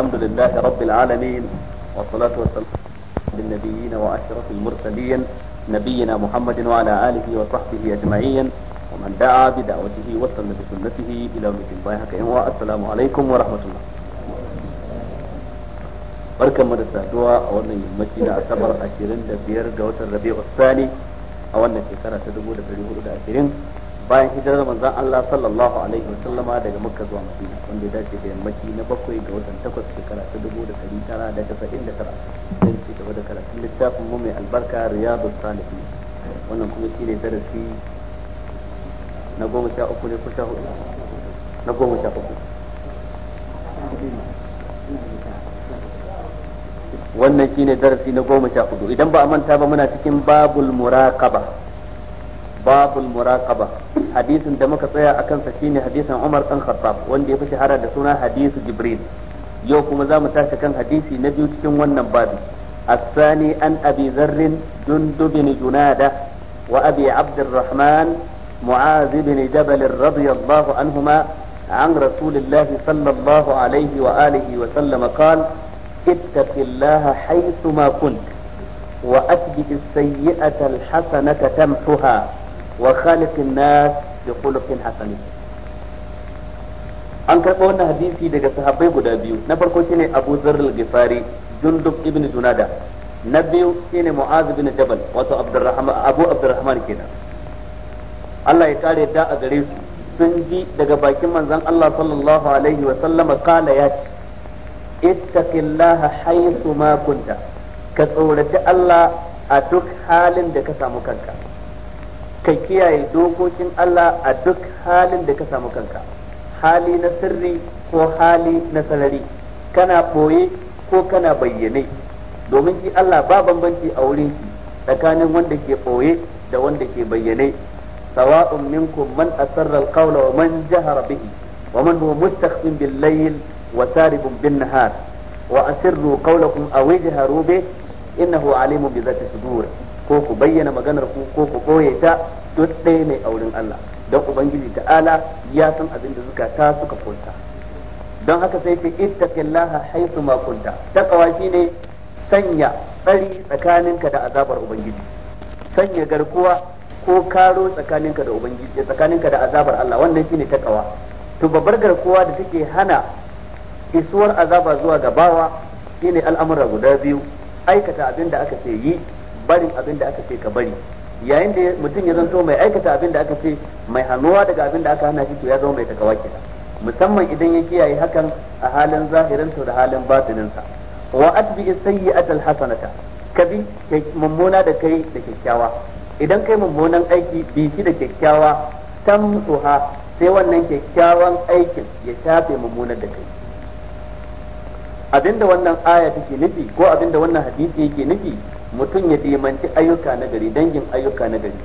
الحمد لله رب العالمين والصلاة والسلام على النبيين وأشرف المرسلين نبينا محمد وعلى آله وصحبه أجمعين ومن دعا بدعوته وسلم بسنته إلى يوم الدين السلام عليكم ورحمة الله barkan mu da saduwa a wannan yammaci na asabar 25 ga watan rabi'u sani a wannan shekara ta bayan hijirar manzon Allah sallallahu alaihi wasallama daga Makka zuwa Madina wanda ya dace da yammaci na bakwai ga watan takwas shekara ta dubu da ɗari tara da casa'in da tara don ci gaba da karatun littafin mu mai albarka Riyadu Salihin wannan kuma shi ne darasi na goma sha uku ne ko sha hudu na goma sha uku wannan shi ne darasi na goma sha hudu idan ba a manta ba muna cikin babul muraqaba باب المراقبة حديث عندما كتايا أكن سشيني حديث عمر بن الخطاب واندي في شهر دسونا حديث جبريل يوكو مزام تاسي كان حديثي نبي وشكم ونن الثاني أن أبي ذر جند بن جنادة وأبي عبد الرحمن معاذ بن جبل رضي الله عنهما عن رسول الله صلى الله عليه وآله وسلم قال اتق الله حيثما كنت وأثبت السيئة الحسنة تمحها wa khaliqin nas bi khuluqin an karɓa wannan hadisi daga sahabbai guda biyu na farko shine Abu zarr al-Ghifari Jundub ibn Junada na biyu shine Mu'az ibn Jabal wato Abdurrahman Abu Abdurrahman kenan Allah ya kare da a gare su sun ji daga bakin manzon Allah sallallahu alaihi wa sallama kala ya ce ittaqillaha haythu ma kunta ka tsoraci Allah a duk halin da ka samu kanka ka kiyaye dokokin Allah a duk halin da ka samu kanka hali na sirri ko hali na sarari kana ɓoye ko kana bayyane domin shi Allah ba bambanci a wurin shi tsakanin wanda ke boye da wanda ke bayyane sawa'un minkum man asarra alqawla wa man jahara bihi wa man huwa mustakhfin bil layl wa saribun bin nahar wa asirru qawlakum aw ijharu bihi innahu alimun bi dhati sudur ko ku bayyana maganar ku ko ku boye ta duk ɗaya ne a wurin Allah don ubangiji ta'ala ya san abin da suka ta suka furta don haka sai ce ittaqillaha haythu ma kunta takawa shine sanya tsari tsakaninka da azabar ubangiji sanya garkuwa ko karo tsakaninka da ubangiji eh, tsakaninka da azabar Allah wannan shine takawa to babbar garkuwa da take hana isuwar azaba zuwa gabawa shine al'amura guda biyu aikata abin da aka ce yi barin abin da aka ce ka bari yayin da mutum ya zanto mai aikata abin da aka ce mai hannuwa daga abin da aka hana shi to ya zama mai takawa kenan musamman idan ya kiyaye hakan a halin zahirinsa da halin batininsa wa atbi sayyi'atal hasanata ka bi mummuna da kai da kyakkyawa idan kai mummunan aiki bi shi da kyakkyawa tamsuha sai wannan kyakkyawan aikin ya shafe mummunan da kai abinda wannan aya take nufi ko abinda wannan hadisi yake nufi mutum ya dimanci ayyuka na gari dangin ayyuka na gari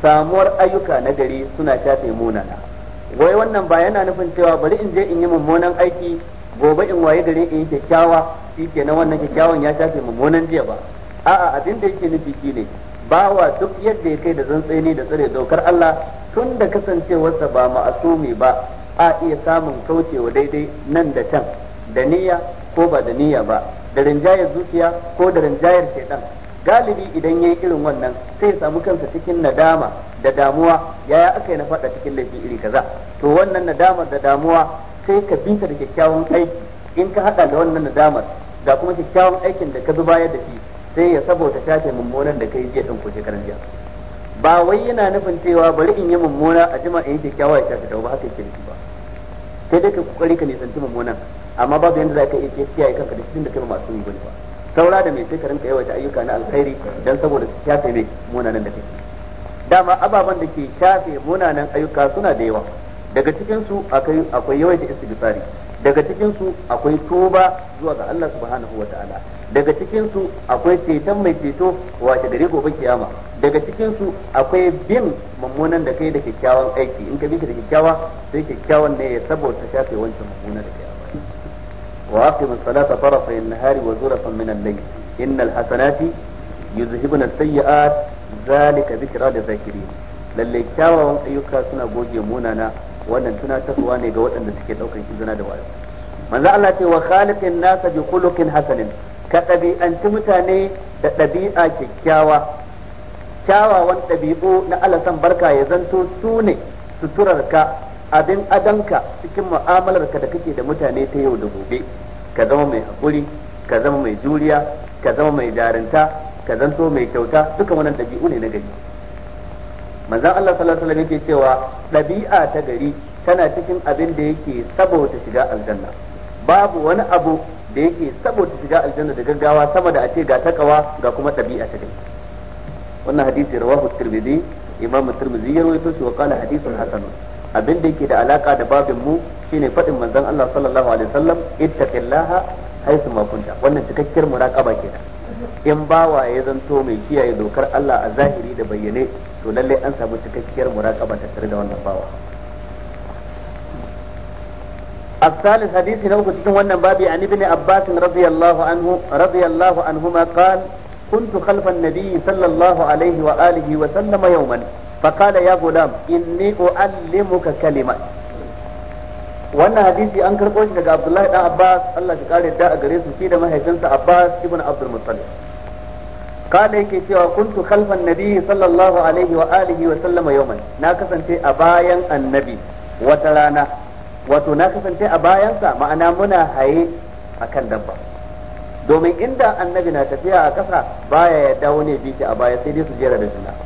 samuwar ayyuka na gari suna shafe munana wai wannan ba yana nufin cewa bari in je in yi mummunan aiki gobe in waye gari in yi kyakkyawa shi ke na wannan kyakkyawan ya shafe mummunan jiya ba a'a abin da yake nufi shine wa duk yadda ya kai da tsantseni da tsare dokar Allah tun da kasancewarsa ba ma'asumi ba a iya samun kaucewa daidai nan da can da niyya ko ba da niyya ba da rinjayar zuciya ko da rinjayar shaidan galibi idan ya yi irin wannan sai ya samu kansa cikin nadama da damuwa yaya aka yi na faɗa cikin laifi iri kaza to wannan nadama da damuwa sai ka binta da kyakkyawan aiki in ka haɗa da wannan nadamar da kuma kyakkyawan aikin da ka bayar da shi sai ya saboda shafe mummunan da kai jiya ɗin ko karan jiya ba wai yana nufin cewa bari in yi mummuna a jima in yi kyakkyawa ya shafe ba haka yake ba sai dai ka kokari ka nisanci mummunan amma babu yadda za ka iya kiyaye kanka da cikin da kai masu yi ba saura da mai sai ka rinka yawaita ayyuka na alkhairi dan saboda su shafe mai munanan da kake dama ababen da ke shafe munanan ayyuka suna da yawa daga cikin su akwai akwai yawaita istighfari daga cikin su akwai toba zuwa ga Allah subhanahu wataala daga cikin su akwai ceton mai ceto wace gare gobe kiyama daga cikin su akwai bin mummunan da kai da kyakkyawan aiki in ka bi da kyakkyawa sai kyakkyawan ne ya saboda shafe wancan mummunan da kai واقم الصلاه طرفي النهار وزلفا من الليل ان الحسنات يذهبن السيئات ذلك ذكرى للذاكرين lalle kyawawan ayyuka suna goge munana wannan tunatarwa ne ga waɗanda suke ɗaukar izina da wayo. manzo Allah ce wa khaliqin nasa bi khuluqin hasanin ka ɗabi'anci mutane da ɗabi'a kyakkyawa kyawawan ɗabi'u na Allah san barka ya zanto su ne suturarka abin adanka cikin mu'amalarka da kake da mutane ta yau da gobe ka zama mai hakuri, ka zama mai juriya ka zama mai jarinta ka zanto mai kyauta duka wannan dabi'u ne na gari manzon Allah sallallahu alaihi wasallam yake cewa ɗabi'a ta gari tana cikin abin da yake saboda shiga aljanna babu wani abu da yake saboda shiga aljanna da gaggawa sama da a ce ga takawa ga kuma ɗabi'a ta gari wannan hadisi rawahu tirmidhi imam tirmidhi ya rawaito shi wa qala hadithun hasan abin da yake da alaka da babin mu shine faɗin manzon Allah sallallahu alaihi wasallam ittaqillaha haisu ma kunta wannan cikakkiyar muraqaba kenan in bawa ya zanto mai kiyaye dokar Allah a zahiri da bayyane to lalle an samu cikakkiyar muraqaba ta tare da wannan bawa الثالث حديث نوكو cikin wannan babi an ibn Abbas radiyallahu anhu radiyallahu anhuma قال كنت خلف النبي صلى الله عليه وآله وسلم يوما فقال يا غلام إني أعلمك كلمات wannan hadisi an karɓo shi daga Abdullahi dan Abbas Allah shi kare da a gare su shi da mahaifinsa Abbas ibn Abdul Muttalib kada yake cewa kuntu khalfan nabi sallallahu alaihi wa alihi wa sallama yawman na kasance a bayan annabi wata rana wato na kasance a bayansa ma'ana muna haye akan dabba domin inda annabi na tafiya a ƙasa baya ya dawo ne bi a baya sai dai su jera da juna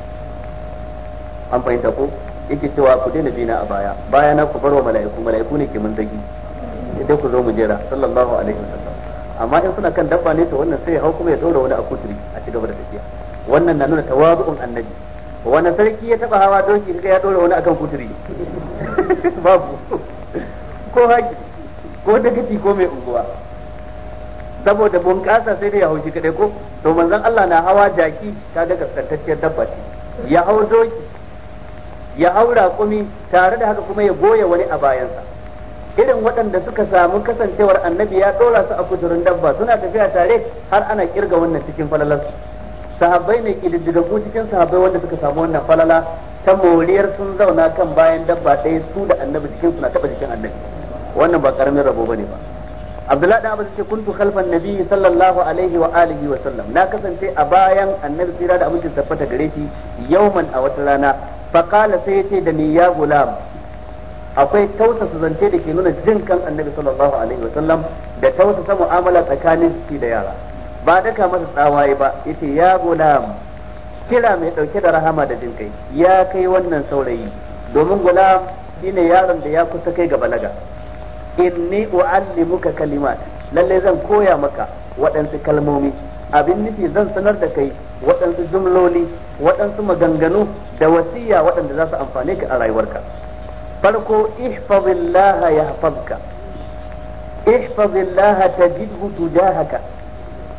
an fahimta ko yake cewa ku daina bina a baya baya na ku bar wa mala'iku mala'iku ne ke mun dagi idan ku zo mu jera sallallahu alaihi wasallam amma in suna kan dabba ne to wannan sai ya hau kuma ya daura wani a kuturi a ci gaba da tafiya wannan na nuna tawazu'un annabi wani sarki ya taba hawa doki kaga ya daura wani akan kuturi babu ko haki ko dagati ko mai unguwa saboda bunƙasa sai dai ya haushi kadai ko to manzon Allah na hawa jaki kaga kaskantacciyar dabba ce ya hau doki ya aura kumi tare da haka kuma ya goya wani a bayansa irin waɗanda suka samu kasancewar annabi ya ɗora su a kujerun dabba suna tafiya tare har ana kirga wannan cikin falalar sahabbai ne kididdigaggu cikin sahabbai wanda suka samu wannan falala ta moriyar sun zauna kan bayan dabba ɗaya su da annabi cikin suna taɓa jikin annabi wannan ba karamin rabo bane ba abdullahi da abbas ce kuntu khalfan nabi sallallahu alaihi wa alihi wa sallam na kasance a bayan annabi tsira da amincin tabbata gare shi yauman a wata rana faƙala sai ya ce da ni ya gulam akwai tausasa zance da ke nuna jin kan annabi sallallahu alaihi wasallam da tausasa mu'amala tsakanin shi da yara ba daka masa tsawaye ba yace ya gulam kira mai ɗauke da rahama da jin kai ya kai wannan saurayi domin gulam shine yaron da ya kusa kai ga balaga inni u'allimuka kalimat lallai zan koya maka waɗansu kalmomi abin nufi zan sanar da kai waɗansu jumloli waɗansu maganganu da wasiya waɗanda za su amfane ka a rayuwarka farko ihfazillaha yahfazka ihfazillaha tajidhu tujahaka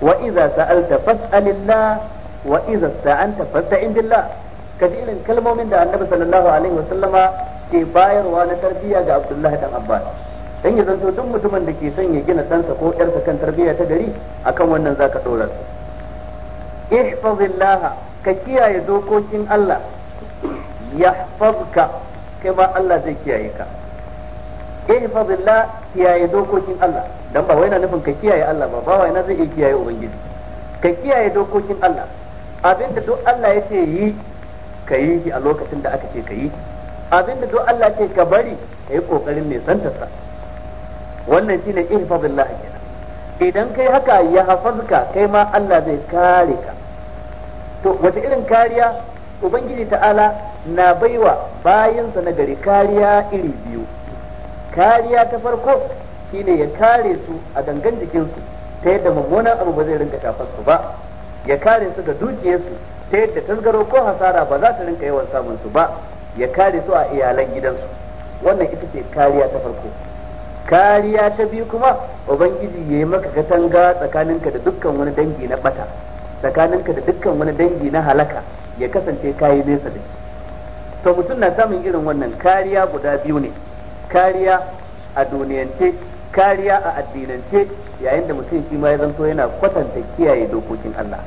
wa iza sa'alta fas'alillah wa idza sta'anta fasta'in ka kaji irin kalmomin da annabi sallallahu alaihi wasallama ke bayarwa na tarbiyya ga abdullahi dan abbas dan ya zanto duk mutumin da ke son ya gina ɗansa ko ƴarsa kan tarbiyya ta gari akan wannan zaka dora su ihfazillaha ka kiyaye dokokin Allah yahfazka kai ma Allah zai kiyaye ka ihfazillah kiyaye dokokin Allah dan ba wai na nufin ka kiyaye Allah ba ba wai na zai kiyaye ubangiji ka kiyaye dokokin Allah abinda duk Allah yace yi ka yi shi a lokacin da aka ce ka yi abinda duk Allah ce ka bari ka yi kokarin nisantarsa sa wannan shi shine ihfazillah kenan idan kai haka ya hafazka kai ma Allah zai kare ka to wata irin kariya ubangiji ta'ala na baiwa bayansa na gari kariya iri biyu kariya ta farko shine ya kare su a gangan jikinsu ta yadda mummunan abu ba zai rinka shafar su ba ya kare su da dukiyarsu ta yadda tasgaro ko hasara ba za ta rinka yawan samun su ba ya kare su a iyalan gidansu wannan ita ce kariya ta farko kariya ta biyu kuma ubangiji ya yi maka katanga tsakaninka da dukkan wani dangi na bata tsakaninka da dukkan wani dangi na halaka ya kasance kayi nesa da shi to mutum na samun irin wannan kariya guda biyu ne kariya a duniyance kariya a addinance yayin da mutum shi ma ya zanto yana kwatanta kiyaye dokokin Allah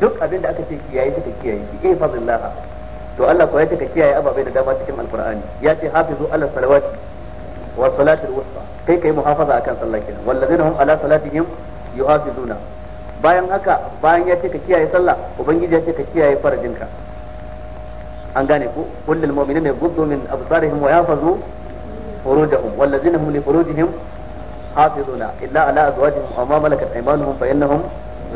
duk abin da aka ce kiyaye shi ka kiyaye shi eh fadlillah to Allah ko ya ka kiyaye ababai da dama cikin alqur'ani ya ce hafizu ala salawati wa salatul wusta kai kai muhafaza akan sallah kenan wallazina hum ala salatihim yuhafizuna bayan haka bayan ya ce ka kiyaye sallah ubangiji ya ce ka kiyaye farajinka an gane ku kullul mu'minina yaghuddu min absarihim wa yahfazu furujahum wallazina hum li furujihim hafizuna illa ala azwajihim aw ma malakat aymanuhum fa innahum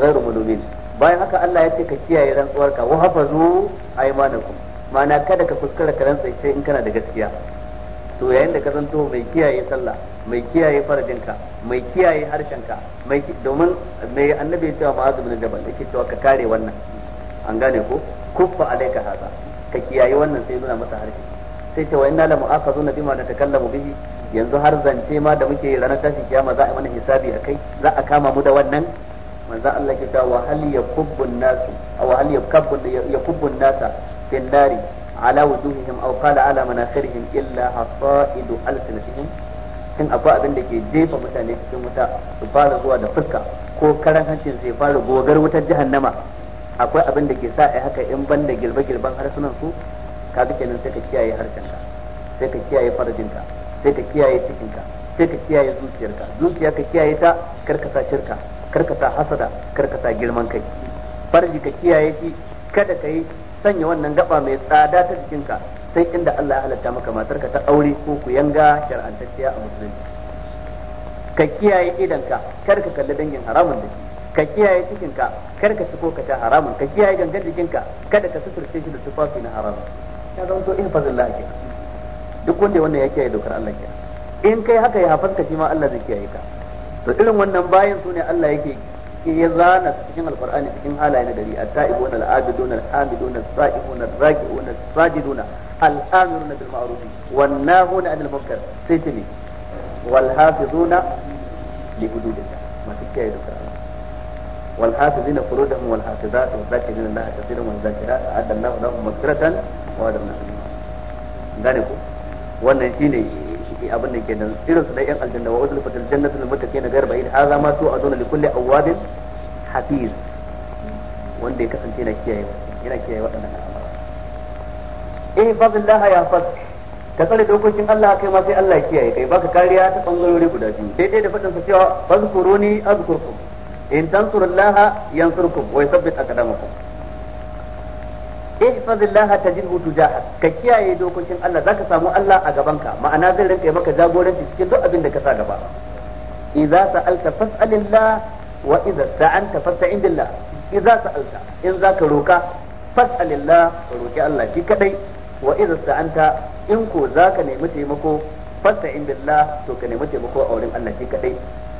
ghayru mulumin bayan haka Allah ya ce ka kiyaye rantsuwarka wa hafazu aymanakum ma'ana kada ka fuskara ka rantsa sai in kana da gaskiya to yayin da ka zanto mai kiyaye sallah mai kiyaye farajinka mai kiyaye harshenka mai domin mai annabi cewa ma'azu bin jabal yake cewa ka kare wannan an gane ko kuffa alaika hada ka kiyaye wannan sai nuna masa harshe sai cewa inna la na bima natakallamu bihi yanzu har zance ma da muke ranar tashin kiyama za a mana hisabi akai za a kama mu da wannan manzo Allah ke cewa hal yakubbu nasu aw hal yakubbu yakubbu nasa fi nari على وجوههم او قال على مناخرهم illa حصائد alsinatihim ان akwai abin da ke jefa mutane cikin wuta su fara zuwa da fuska ko karan hancin sai fara gogar wutar jahannama akwai abin da ke sa ai haka in banda gilba gilban harsunan su kaga kenan sai ka kiyaye harshenka sai ka kiyaye farajinka sai ka kiyaye cikinka sai ka kiyaye zuciyarka zuciya ka kiyaye ta karka sa shirka karka sa hasada karka sa girman kai farji ka kiyaye shi kada ka yi sanya wannan gaba mai tsada ta jikinka sai inda Allah ya halatta maka matarka ta aure ko ku yanga shar'antacciya a musulunci ka kiyaye idanka kar ka kalli dangin haramun da ka kiyaye cikinka kar ka ci ko ka ta haramun ka kiyaye gangan jikinka kada ka suturce shi da tufafi na haramun ya zama to in fazilla ke duk wanda wannan ya kiyaye dokar Allah ke in kai haka ya hafazka shi ma Allah zai kiyaye ka to irin wannan bayan su ne Allah yake إيه زانت في القرآن الكريم هلا أنا قال التائبون العابدون الحامدون السائحون الراجعون الساجدون الآمرون بالمعروف والناهون عن المنكر سيتني والحافظون لحدود الله ما تكيد والحافظين فروجهم والحافظات والذاكرين الله كثيرا والذاكرات أعد الله لهم مذكرة وأدم نفسهم. قال لكم وأنا شيني ciki abin da ke da irin su da yan aljanna wa udul fatil jannatul muttaqin Garba ba'id hadha ma a aduna li kulli awabin hafiz wanda ya kasance yana kiyaye yana kiyaye wadannan al'amura eh fadlillah ya fas ka tsare dokokin Allah kai ma sai Allah ya kiyaye kai baka kariya ta bangarori guda biyu daidai da fadin sa cewa fazkuruni azkurkum in tansurullaha yansurkum wa yuthabbit aqdamakum ihfazillaha tajidhu tujahak ka kiyaye dokokin Allah zaka samu Allah a gabanka ma'ana zai rinka maka jagoranci cikin duk abin da ka sa gaba idza sa'alta fas'alillah wa idza sta'anta fasta'in billah idza sa'alta in zaka roka fas'alillah roki Allah ki kadai wa idza in ko zaka nemi taimako fasta'in billah to ka nemi taimako a wurin Allah ki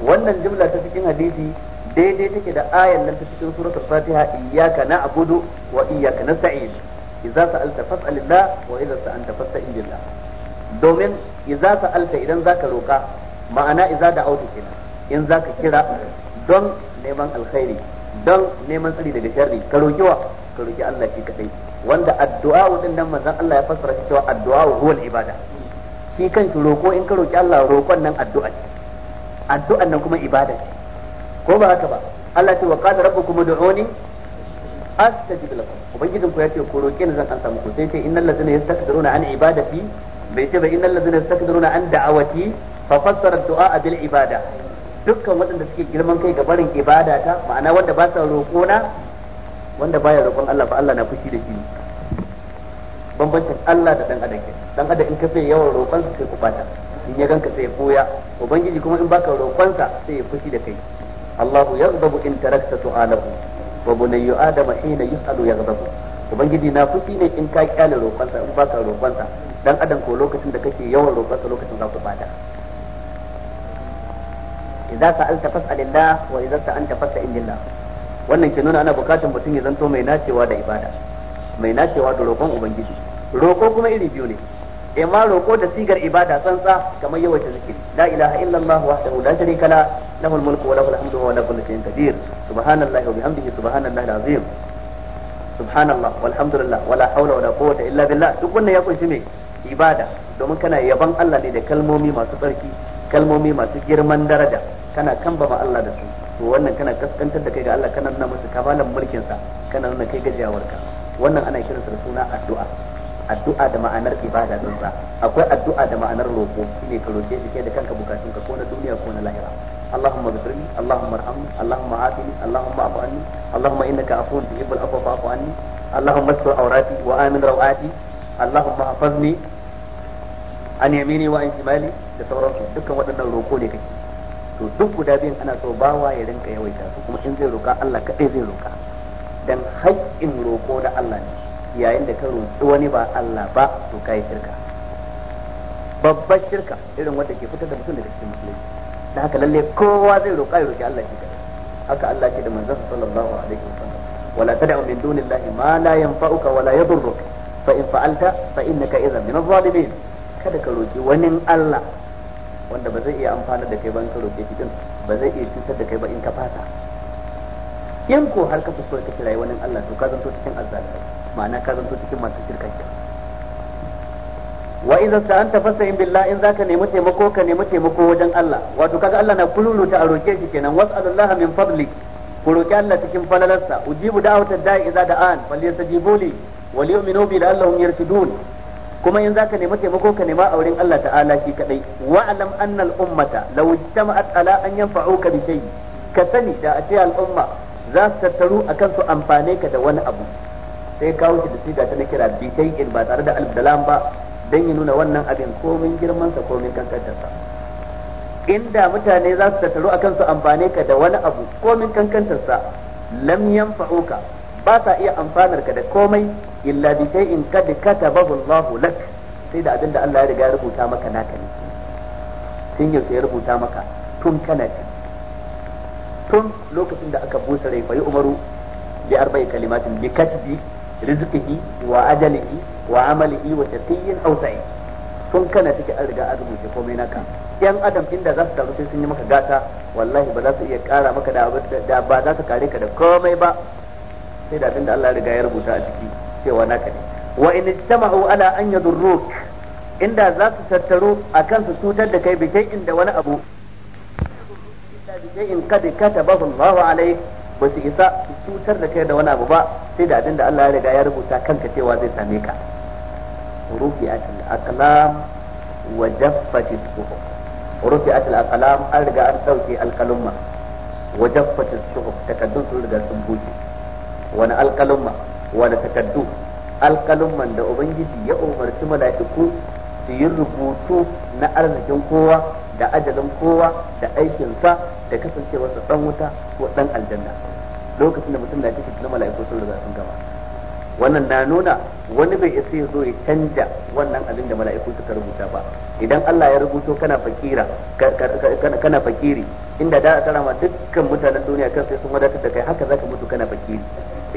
wannan jumla ta cikin hadisi daidai take da ayan nan ta cikin suratul fatiha iyyaka na'budu wa iyyaka nasta'in idza sa'alta fas'alillah wa idza sta'anta fasta'in billah domin idza sa'alta idan zaka roka ma'ana idza da'auta kenan in zaka kira don neman alkhairi don neman tsari daga sharri ka roki wa ka roki Allah shi kadai wanda addu'a din nan manzon Allah ya fassara shi cewa addu'a huwal ibada shi kanki roko in ka roki Allah roƙon nan addu'a ce addu'an nan kuma ibada ce ko ba haka ba Allah ce wa qala rabbukum ud'uni astajib lakum ubangijin ku yace ko roke ni zan ansa muku sai ce innal ladzina yastakbiruna an ibadati bai ce ba innal ladzina yastakbiruna an da'awati fa fassara du'a bil ibada dukkan waɗanda suke girman kai ga barin ibada ta ma'ana wanda ba sa roko na wanda baya roƙon Allah fa Allah na fushi da shi bambancin Allah da dan adam dan adam in ka sai yawan roƙon sai ku bata in ya ganka sai ya koya ubangiji kuma in baka roƙon sa sai ya fushi da kai Allahu yaghdabu in tarakta su'alahu wa bunayyu adama hina yus'alu yaghdabu ubangiji na fushi ne in ka kyale roƙonsa in baka roƙonsa dan adam ko lokacin da kake yawan roƙonsa lokacin za ku bada idza sa'alta fas'alillah wa idza sa'anta fas'alillah wannan ke nuna ana buƙatar mutum ya zanto mai nacewa da ibada mai nacewa da roƙon ubangiji roƙo kuma iri biyu ne imma roƙo da sigar ibada tsantsa kamar yawaita zikiri la ilaha illallah wahdahu la sharika la lahul mulku wa lahul hamdu wa lahu kullu shay'in qadir subhanallahi wa bihamdihi subhanallahi alazim subhanallah walhamdulillah wala hawla wala quwwata illa billah duk wannan ya kunshi me ibada domin kana yaban Allah ne da kalmomi masu tsarki kalmomi masu girman daraja kana kambama Allah da su to wannan kana kaskantar da kai ga Allah kana nuna masa kamalan mulkin sa kana nuna kai gajiyawarka wannan ana kiransa da suna addu'a addu'a da ma'anar ibada don sa akwai addu'a da ma'anar roƙo shine ka roƙe shi kai da kanka bukatun ka ko na duniya ko na lahira allahumma اغفر allahumma اللهم allahumma afini allahumma afu anni allahumma innaka انك tuhibbul afwa fa'fu anni allahumma astur awrati wa amin rawati allahumma hafizni an yamini wa an shimali da sauransu dukkan waɗannan roƙo ne kake to duk guda biyun ana so bawa ya rinka yawaita su kuma in zai roƙa Allah kadai zai roƙa dan haƙƙin roƙo da Allah ne yayin da ka roƙi wani ba Allah ba to kai shirka babbar shirka irin wanda ke fitar da mutum daga cikin musulunci da haka lalle kowa zai roƙa ya roƙi Allah shi kadai haka Allah ce da manzon sallallahu alaihi wasallam wala tad'u min dunillahi ma la yanfa'uka wala yadurruka fa in fa'alta fa innaka idhan min adh-dhalimin kada ka roƙi wani Allah wanda ba zai iya amfana da kai ba in ka roƙe shi din ba zai iya cutar da kai ba in ka fata in ko har ka fuskanci ka kirayi wani Allah to ka zanto cikin azzalumai ma'ana ka zanto cikin masu shirka ke wa idza sa'anta fasta'in billah in zaka nemi taimako ka nemi taimako wajen Allah wato kaga Allah na kululuta a roke shi kenan was'alullaha min fadlik ku roki Allah cikin falalarsa ujibu da'watad da'i idza da'an falyastajibu li wal yu'minu bi la'allahum yarshudun kuma in zaka nemi taimako ka nema auren Allah ta'ala shi kadai wa alam anna al ummata law ijtama'at ala an yanfa'uka bi shay ka sani da a ce al umma za su tattaru akan su amfane ka da wani abu sai kawo shi da siga ta na kira bi in ba tare da alif da ba don ya nuna wannan abin komin girman sa komin kankantarsa. inda mutane za su tattaru akan su amfane ka da wani abu komin kankantarsa lamyan lam fa'uka ba sa iya amfanar ka da komai illa bi shay'in kad katabahu Allahu lak sai da abin da Allah ya riga ya rubuta maka naka ne tun yaushe ya rubuta maka tun kana tun lokacin da aka busa rai fa yi umaru bi arba'i kalimatin bi katbi rizqihi wa ajalihi wa amalihi wa shaqiyyin aw sa'id sun kana take an riga an rubuce komai naka yan adam inda za su taru sai sun yi maka gata wallahi ba za su iya kara maka da da ba za su kare ka da komai ba sai da abinda Allah ya riga ya rubuta a ciki cewa naka ne wa in istama'u ala an yadurruk inda za su tattaru akan su cutar da kai bi shay'in da wani abu bi shay'in kad katabahu Allah alayhi ba su isa cutar da kai da wani abu ba sai da abin da Allah ya riga ya rubuta kanka cewa zai same ka rufi'at al-aqlam wa jaffat as-suhuf rufi'at al-aqlam an riga an dauke al-qalumma wa jaffat as-suhuf takaddun sun riga sun buce wani al wani takaddu al da ubangiji ya umarci mala'iku su yi rubutu na arzikin kowa da ajalin kowa da aikinsa da kasancewarsa dan wuta ko dan aljanna lokacin da mutum na cikin na mala'iku sun riga sun gama wannan na nuna wani bai isa ya zo ya canja wannan abin da mala'iku suka rubuta ba idan Allah ya rubuto kana fakira kana fakiri inda da tsara ma dukkan mutanen duniya kan sai sun wadatar da kai haka zaka mutu kana fakiri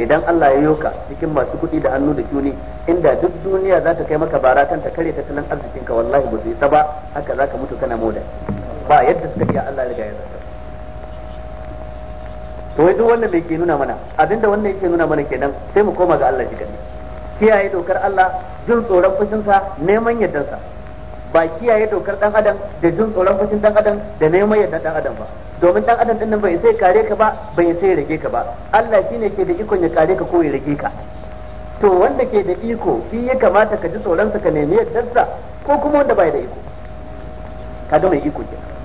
idan Allah ya ka cikin masu kuɗi da hannu da kyuni inda duk duniya za ta kai maka bara kan ta kare tattalin arzikinka wallahi ba su isa ba haka zaka mutu kana moda ba yadda suka iya Allah ya riga ya zartar to wai duk wannan me ke nuna mana abinda wannan yake nuna mana kenan sai mu koma ga Allah shi kadai kiyaye dokar Allah jin tsoron fushinsa neman yardansa ba kiyaye dokar dan adam da jin tsoron fushin dan adam da neman yadda dan adam ba domin dan adam din bai sai kare ka ba bai sai rage ka ba Allah shine ke da ikon ya kare ka ko ya rage ka to wanda ke da iko shi ya kamata ka ji tsoron sa ka nemi sa ko kuma wanda bai da iko ka kaga mai iko kenan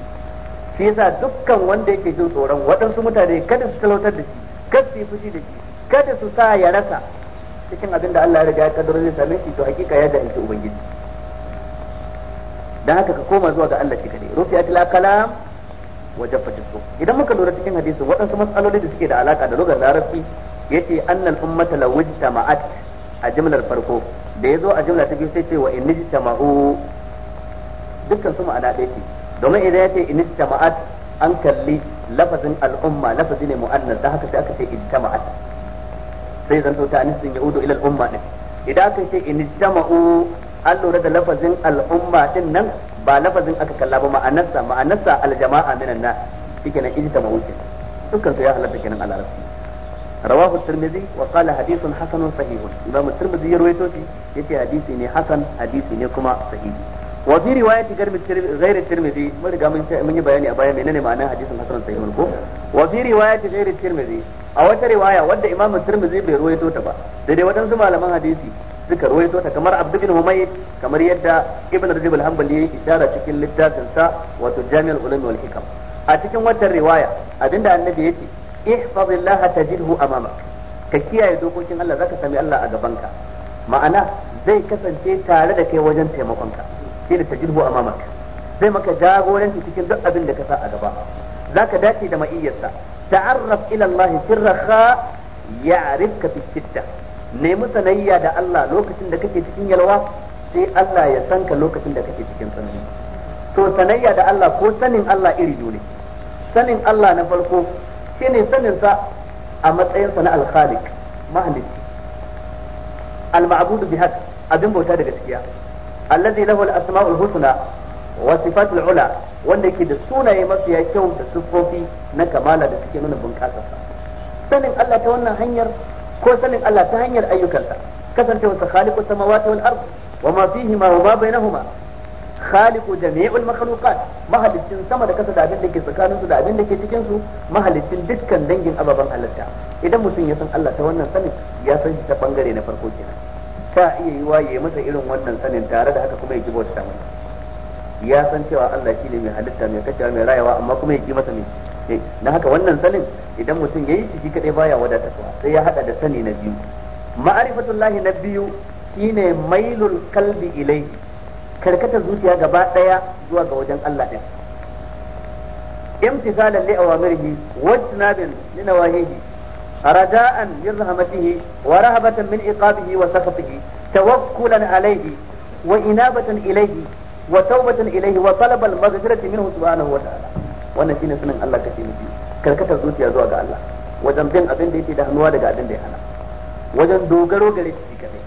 shi yasa dukkan wanda yake jin tsoron waɗansu mutane kada su talautar da shi kada su yi fushi da shi kada su sa ya rasa cikin abin da Allah ya riga ya kaddara zai same shi to hakika ya jahilci ubangiji dan haka ka koma zuwa ga Allah shi kadai rufi'atil kalam wa jaffatis idan muka lura cikin hadisi waɗansu matsaloli da suke da alaka da lugar larabci yace annal ummata law ijtama'at a jimlar farko da ya zo a jimla ta biyu sai ce wa in ijtama'u dukkan su ma'ana ɗaya ce domin idan ya ce inistama'at an kalli lafazin al'umma lafazi ne mu'annas da haka sai aka ce ijtama'at sai zanto ta anis din yaudu ila al'umma din idan aka ce inijtama'u an lura da lafazin al'umma din nan ba lafazin aka kalla ba ma'anarsa ma'anarsa aljama'a minan nas shikenan ijtama'u din dukkan su ya halatta kenan a larabci rawahu tirmidhi wa qala hadithun hasanun sahihun imam tirmidhi ya rawaito shi yace hadisi ne hasan hadisi ne kuma sahihi wa fi riwayati ghairi tirmidhi mun riga mun yi bayani a baya menene ma'anar hadisin hasan sahihun ko wa fi riwayati ghairi tirmidhi a wata riwaya wadda imam tirmidhi bai ruwaito ta ba sai dai wadansu malaman hadisi suka ruwaito ta kamar abdu bin kamar yadda ibn rajab al-hanbali ya isharar cikin littafin sa wato jami'ul ulum wal hikam a cikin wata riwaya abinda annabi yace ihfazillah tajidhu amamak ka kiyaye dokokin Allah zaka sami Allah a gaban ka ma'ana zai kasance tare da kai wajen taimakon ka. shi ne a amamak zai maka jagoranci cikin duk abin da ka sa a gaba zaka dace da ma'iyyarsa ta'arraf ila Allah fi ya ya'rifka fi shidda nemi sanayya da Allah lokacin da kake cikin yalwa sai Allah ya san ka lokacin da kake cikin tsanani to sanayya da Allah ko sanin Allah iri dole sanin Allah na farko shine sanin sa a matsayin sa na al-khaliq mahalicci al-ma'budu bihaq abin bauta da gaskiya allazi lahu al-asma'ul husna wa sifatul wanda ke da sunaye mafiya kyau da siffofi na kamala da suke nuna bunƙasa sanin Allah ta wannan hanyar ko sanin Allah ta hanyar ayyukansa kasancewa sa khaliqu samawati wal ard wa ma fihima wa ma bainahuma khaliqu jami'ul makhluqat mahalicin sama da kasa da abin da ke tsakanin su da abin da ke cikin su mahalicin dukkan dangin ababen halitta idan mutum ya san Allah ta wannan sanin ya san shi ta bangare na farko kenan ta iya yi ya masa irin wannan sanin tare da haka kuma ya ji bauta mai ya san cewa Allah shi ne mai halitta mai kashewa mai rayuwa amma kuma ya ji masa mai eh, dan haka wannan sanin idan mutum ya yi shi kadai baya wadatarwa sai ya hada da sani na biyu ma'arifatullahi na biyu shine mailul kalbi ilai karkatar zuciya gaba daya zuwa ga wajen Allah din imtisalan li na wa li nawahihi رجاء من رحمته ورهبة من عقابه وسخطه توكلا عليه وإنابة إليه وتوبة إليه وطلب المغفرة منه سبحانه وتعالى wannan shine sunan Allah kace miki karkatar zuciya zuwa ga Allah wajen bin abin da yake da hannuwa daga abin da ya hana wajen dogaro gare shi kadai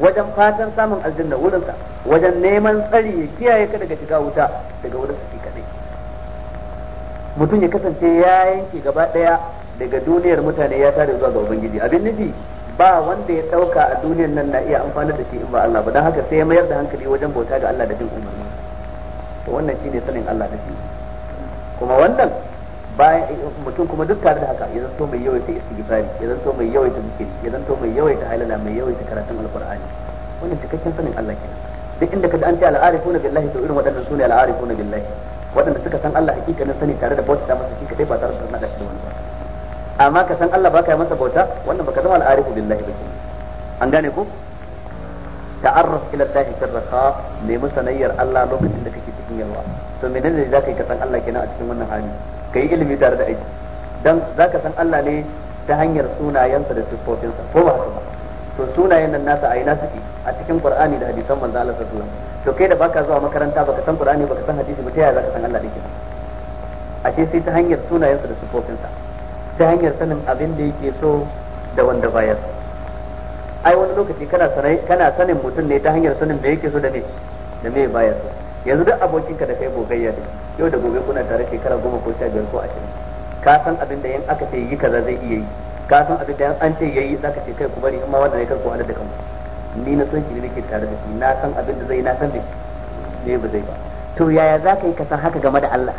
wajen fatan samun aljanna wurinsa wajen neman tsari ya kiyaye ka daga shiga wuta daga wurin shi kadai mutum ya kasance ya yanke gaba daya daga duniyar mutane ya tare zuwa ga ubangiji abin nufi ba wanda ya dauka a duniyar nan na iya amfana da shi in ba Allah ba dan haka sai ya mayar da hankali wajen bauta ga Allah da bin umarni to wannan shine sanin Allah da shi kuma wannan bayan mutum kuma duk tare da haka ya zanto mai yawaita istighfari ya zanto mai yawaita zikiri ya zanto mai yawaita halala mai yawaita karatun alqur'ani wannan cikakken sanin Allah kenan duk inda kaji an ce al'arifuna billahi to irin waɗannan sune al'arifuna billahi waɗanda suka san Allah hakikanin sani tare da bauta masa shi kadai ba tare da da shi da wani ba amma ka san Allah baka yi masa bauta wannan baka zama al'arifu billahi ba an gane ko ta'arraf ila Allah fi raha ne musanayyar Allah lokacin da kake cikin yawa to menene ne zaka yi ka san Allah kenan a cikin wannan hali kai ilimi tare da aiki dan zaka san Allah ne ta hanyar sunayensa da siffofinsa ko ba haka ba to sunayen nan nasa a na suke a cikin Qur'ani da hadisan manzo Allah sallallahu alaihi wasallam to kai da baka zuwa makaranta baka san Qur'ani baka san hadisi ba ta yaya zaka san Allah dake ashe sai ta hanyar sunayensa da siffofinsa ta hanyar sanin abin da yake so da wanda baya so ai wani lokaci kana sanin kana sanin mutum ne ta hanyar sanin da yake so da me da me baya so yanzu duk abokinka da kai gogayya da yau da gobe kuna tare shekara goma ko sha biyar ko ashirin ka san abin da yan aka ce yi kaza zai iya yi ka san abin da yan an ce yayi zaka ce kai ku bari amma wanda ne kar ku da kanku ni na san shi ne nake tare da shi na san abin da zai na san me ne ba zai ba to yaya za ka yi ka san haka game da Allah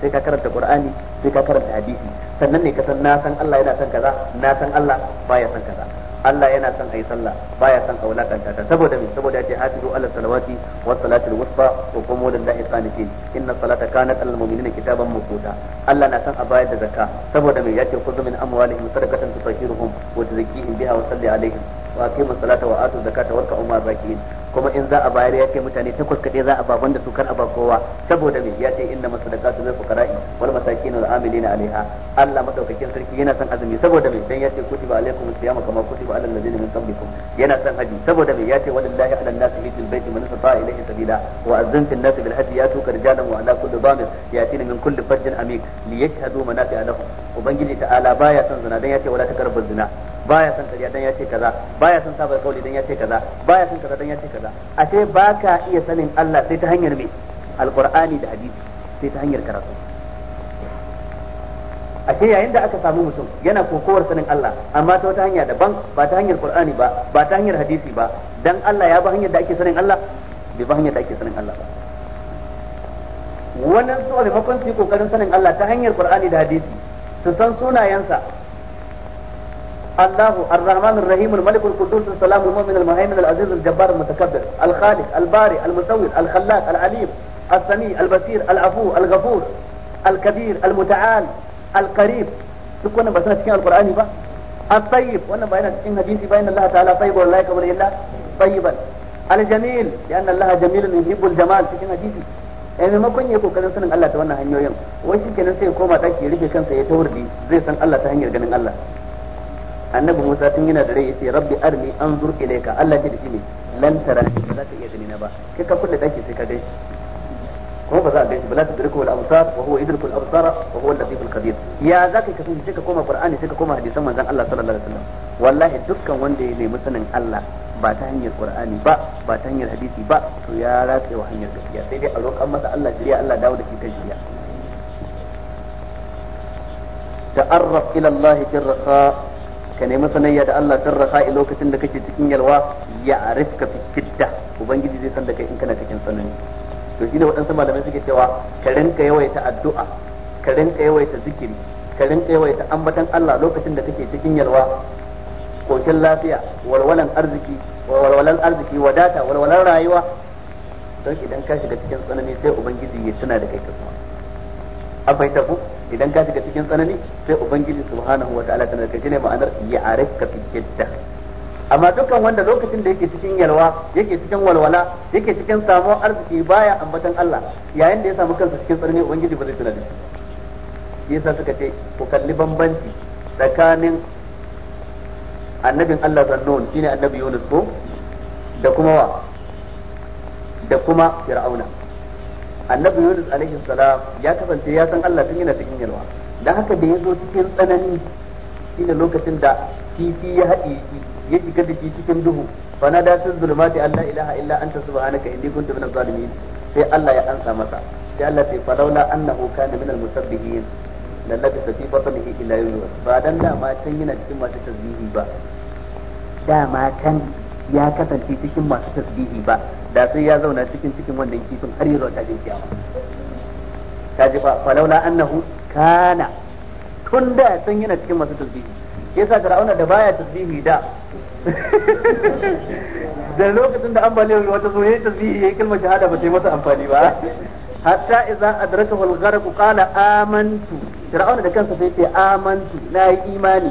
sai ka karanta qur'ani sai ka karanta hadisi sannan ne ka san na san Allah yana son kaza na san Allah baya san kaza Allah yana son ayi sallah baya son aula kanta ta saboda me saboda yace hasidu ala salawati wa salatul wusta wa qumu lillahi qanitin inna salata kanat al mu'minina kitaban mawquta Allah na san a bayar da zakka saboda me yace khudh min amwalihim sadaqatan tutahhiruhum wa tuzakkihim biha wa salli alaihim wa aqimu salata wa atu zakata wa umma bakin kuma in za a bayar ya ce mutane takwas kaɗai za a ba banda su kar a ba kowa saboda me ya ce inna masadaqatu lil fuqara'i wal masakin wal amilina alaiha Allah madaukakin sarki yana son azumi saboda me dan ya ce kutiba alaikum siyamu kama kutiba alal ladina min qablikum yana son haji saboda me ya ce walillahi ala nasi hijjul baiti man istata ilayhi sabila wa azzan fil nasi bil hajji yatu karjalan wa ala kulli damir yatina min kulli fajjin amik liyashhadu manafi'a lahum ubangiji ta'ala baya son zina dan ya ce wala takarbu zina baya son kariya dan ya ce kaza baya son saba kauli dan ya ce kaza baya son kaza dan ya ce kaza ashe baka iya sanin Allah sai ta hanyar me alqur'ani da hadisi sai ta hanyar karatu ashe yayin da aka samu mutum yana kokowar sanin Allah amma ta wata hanya daban ba ta hanyar qur'ani ba ba ta hanyar hadisi ba dan Allah ya ba hanyar da ake sanin Allah bai ba hanyar da ake sanin Allah ba wannan su a maimakon su yi kokarin sanin Allah ta hanyar Qur'ani da hadisi su san sunayensa الله الرحمن الرحيم الملك القدوس السلام المؤمن المهيمن العزيز الجبار المتكبر الخالق الباري المسوي الخلاق العليم السميع البصير العفو الغفور الكبير المتعال القريب تكون بسنا تكين القرآن يبا الطيب وانا بأينا تكين هدينتي بأين الله تعالى طيب ولا يكبر إلا طيبا الجميل لأن الله جميل يحب الجمال تكين هدينتي yanzu makon ya ko kanin sanin Allah ta wannan hanyoyin wai shi kenan sai ya koma daki ya rike kansa ya tawar di zai san Allah ta hanyar ganin Allah annabi Musa tun yana da rai yace rabbi arni anzur ilayka Allah ce da shi ne lan tarani ba za ka iya gani na ba kai ka kulle daki sai ka gan kuma ba za a gan shi ba la tudriku al absar wa huwa yudriku al absara wa huwa al latif al khabir ya za ka kasance sai ka koma qur'ani sai ka koma hadisan manzon Allah sallallahu alaihi wasallam wallahi dukkan wanda ya nemi sanin Allah ba ta hanyar qur'ani ba ba ta hanyar hadisi ba to ya ratse wa hanyar gaskiya sai dai a roƙan masa Allah jiriya Allah dawo da shi kan jiriya ta'arraf ila Allah fi ka nemi sanayya da Allah tun rasa'i lokacin da kake cikin yalwa ya arifka fi ubangiji zai san da kai in kana cikin tsanani to ne waɗansu malamai suke cewa ka rinka yawaita addu'a ka rinka yawaita zikiri ka rinka yawaita ambatan Allah lokacin da kake cikin yalwa koshin lafiya walwalan arziki walwalan arziki wadata walwalan rayuwa don idan ka shiga cikin tsanani sai ubangiji ya tuna da kai kasuwa akwai tabu idan ka shiga cikin tsanani sai ubangiji subhanahu wa ta'ala tana kai ne ma'anar ya'arifka fi jidda amma dukkan wanda lokacin da yake cikin yalwa yake cikin walwala yake cikin samuwar arziki baya ambatan Allah yayin da ya samu kansa cikin tsanani ubangiji ba zai tuna da shi yasa suka ce ku kalli bambanci tsakanin annabin Allah zannun shine annabi Yunus ko da kuma wa da kuma fir'auna annabi Yunus alaihi salam ya kasance ya san Allah tun yana cikin yalwa dan haka da ya zo cikin tsanani shine lokacin da kifi ya haɗe ya shiga da shi cikin duhu fana da sun zulmati Allah ilaha illa anta subhanaka inni kuntu minaz zalimin sai Allah ya ansa masa sai Allah sai falaula annahu kana minal musabbihin lallabi fi batnihi ila yunus ba dan dama can yana cikin masu tasbihi ba dama can ya kasance cikin masu tasbihi ba da sai ya zauna cikin cikin wannan kifin har yanzu ta jin kiyawa ta ji fa falaula annahu kana tun da san yana cikin masu tasbihi shi yasa fir'auna da baya tasbihi da da lokacin da ambaliyar ruwa ta zo yayin tasbihi yayin kalmar shahada ba ta yi masa amfani ba hatta idza adrakahu al-gharq qala amantu fir'auna da kansa sai ce amantu na yi imani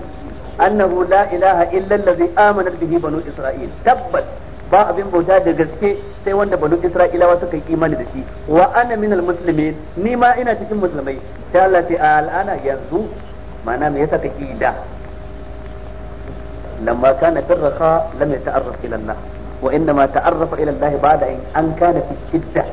annahu la ilaha illa allazi amana bihi banu isra'il tabbat ba abin bauta da gaske sai wanda banu isra'ilawa suka yi imani da shi wa ana minal muslimin ni ma ina cikin musulmai sai Allah sai al'ana yanzu ma'ana me yasa kake da lamma kana tarraha lam yata'arraf ila Allah wa inma ta'arrafa ila Allah ba'da an kana fi shiddah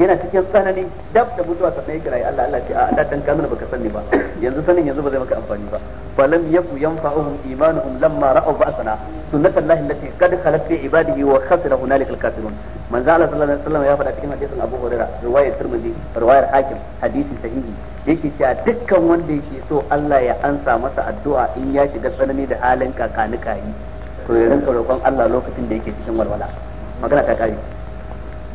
yana cikin tsanani dab da mutuwa sannan ya kirayi Allah Allah ce a da dan kana baka sani ba yanzu sanin yanzu ba zai maka amfani ba falam yaku yanfa'uhum imanuhum lamma ra'aw ba'sana sunnatullahi allati qad khalat fi ibadihi wa khasira hunalikal kafirun manzo Allah sallallahu alaihi wasallam ya faɗa cikin hadisin Abu Hurairah riwayar Tirmidhi riwayar Hakim hadisi sahihi yake cewa dukkan wanda yake so Allah ya ansa masa addu'a in ya shiga tsanani da halin kakanikayi to ya rinka roƙon Allah lokacin da yake cikin walwala magana ta kare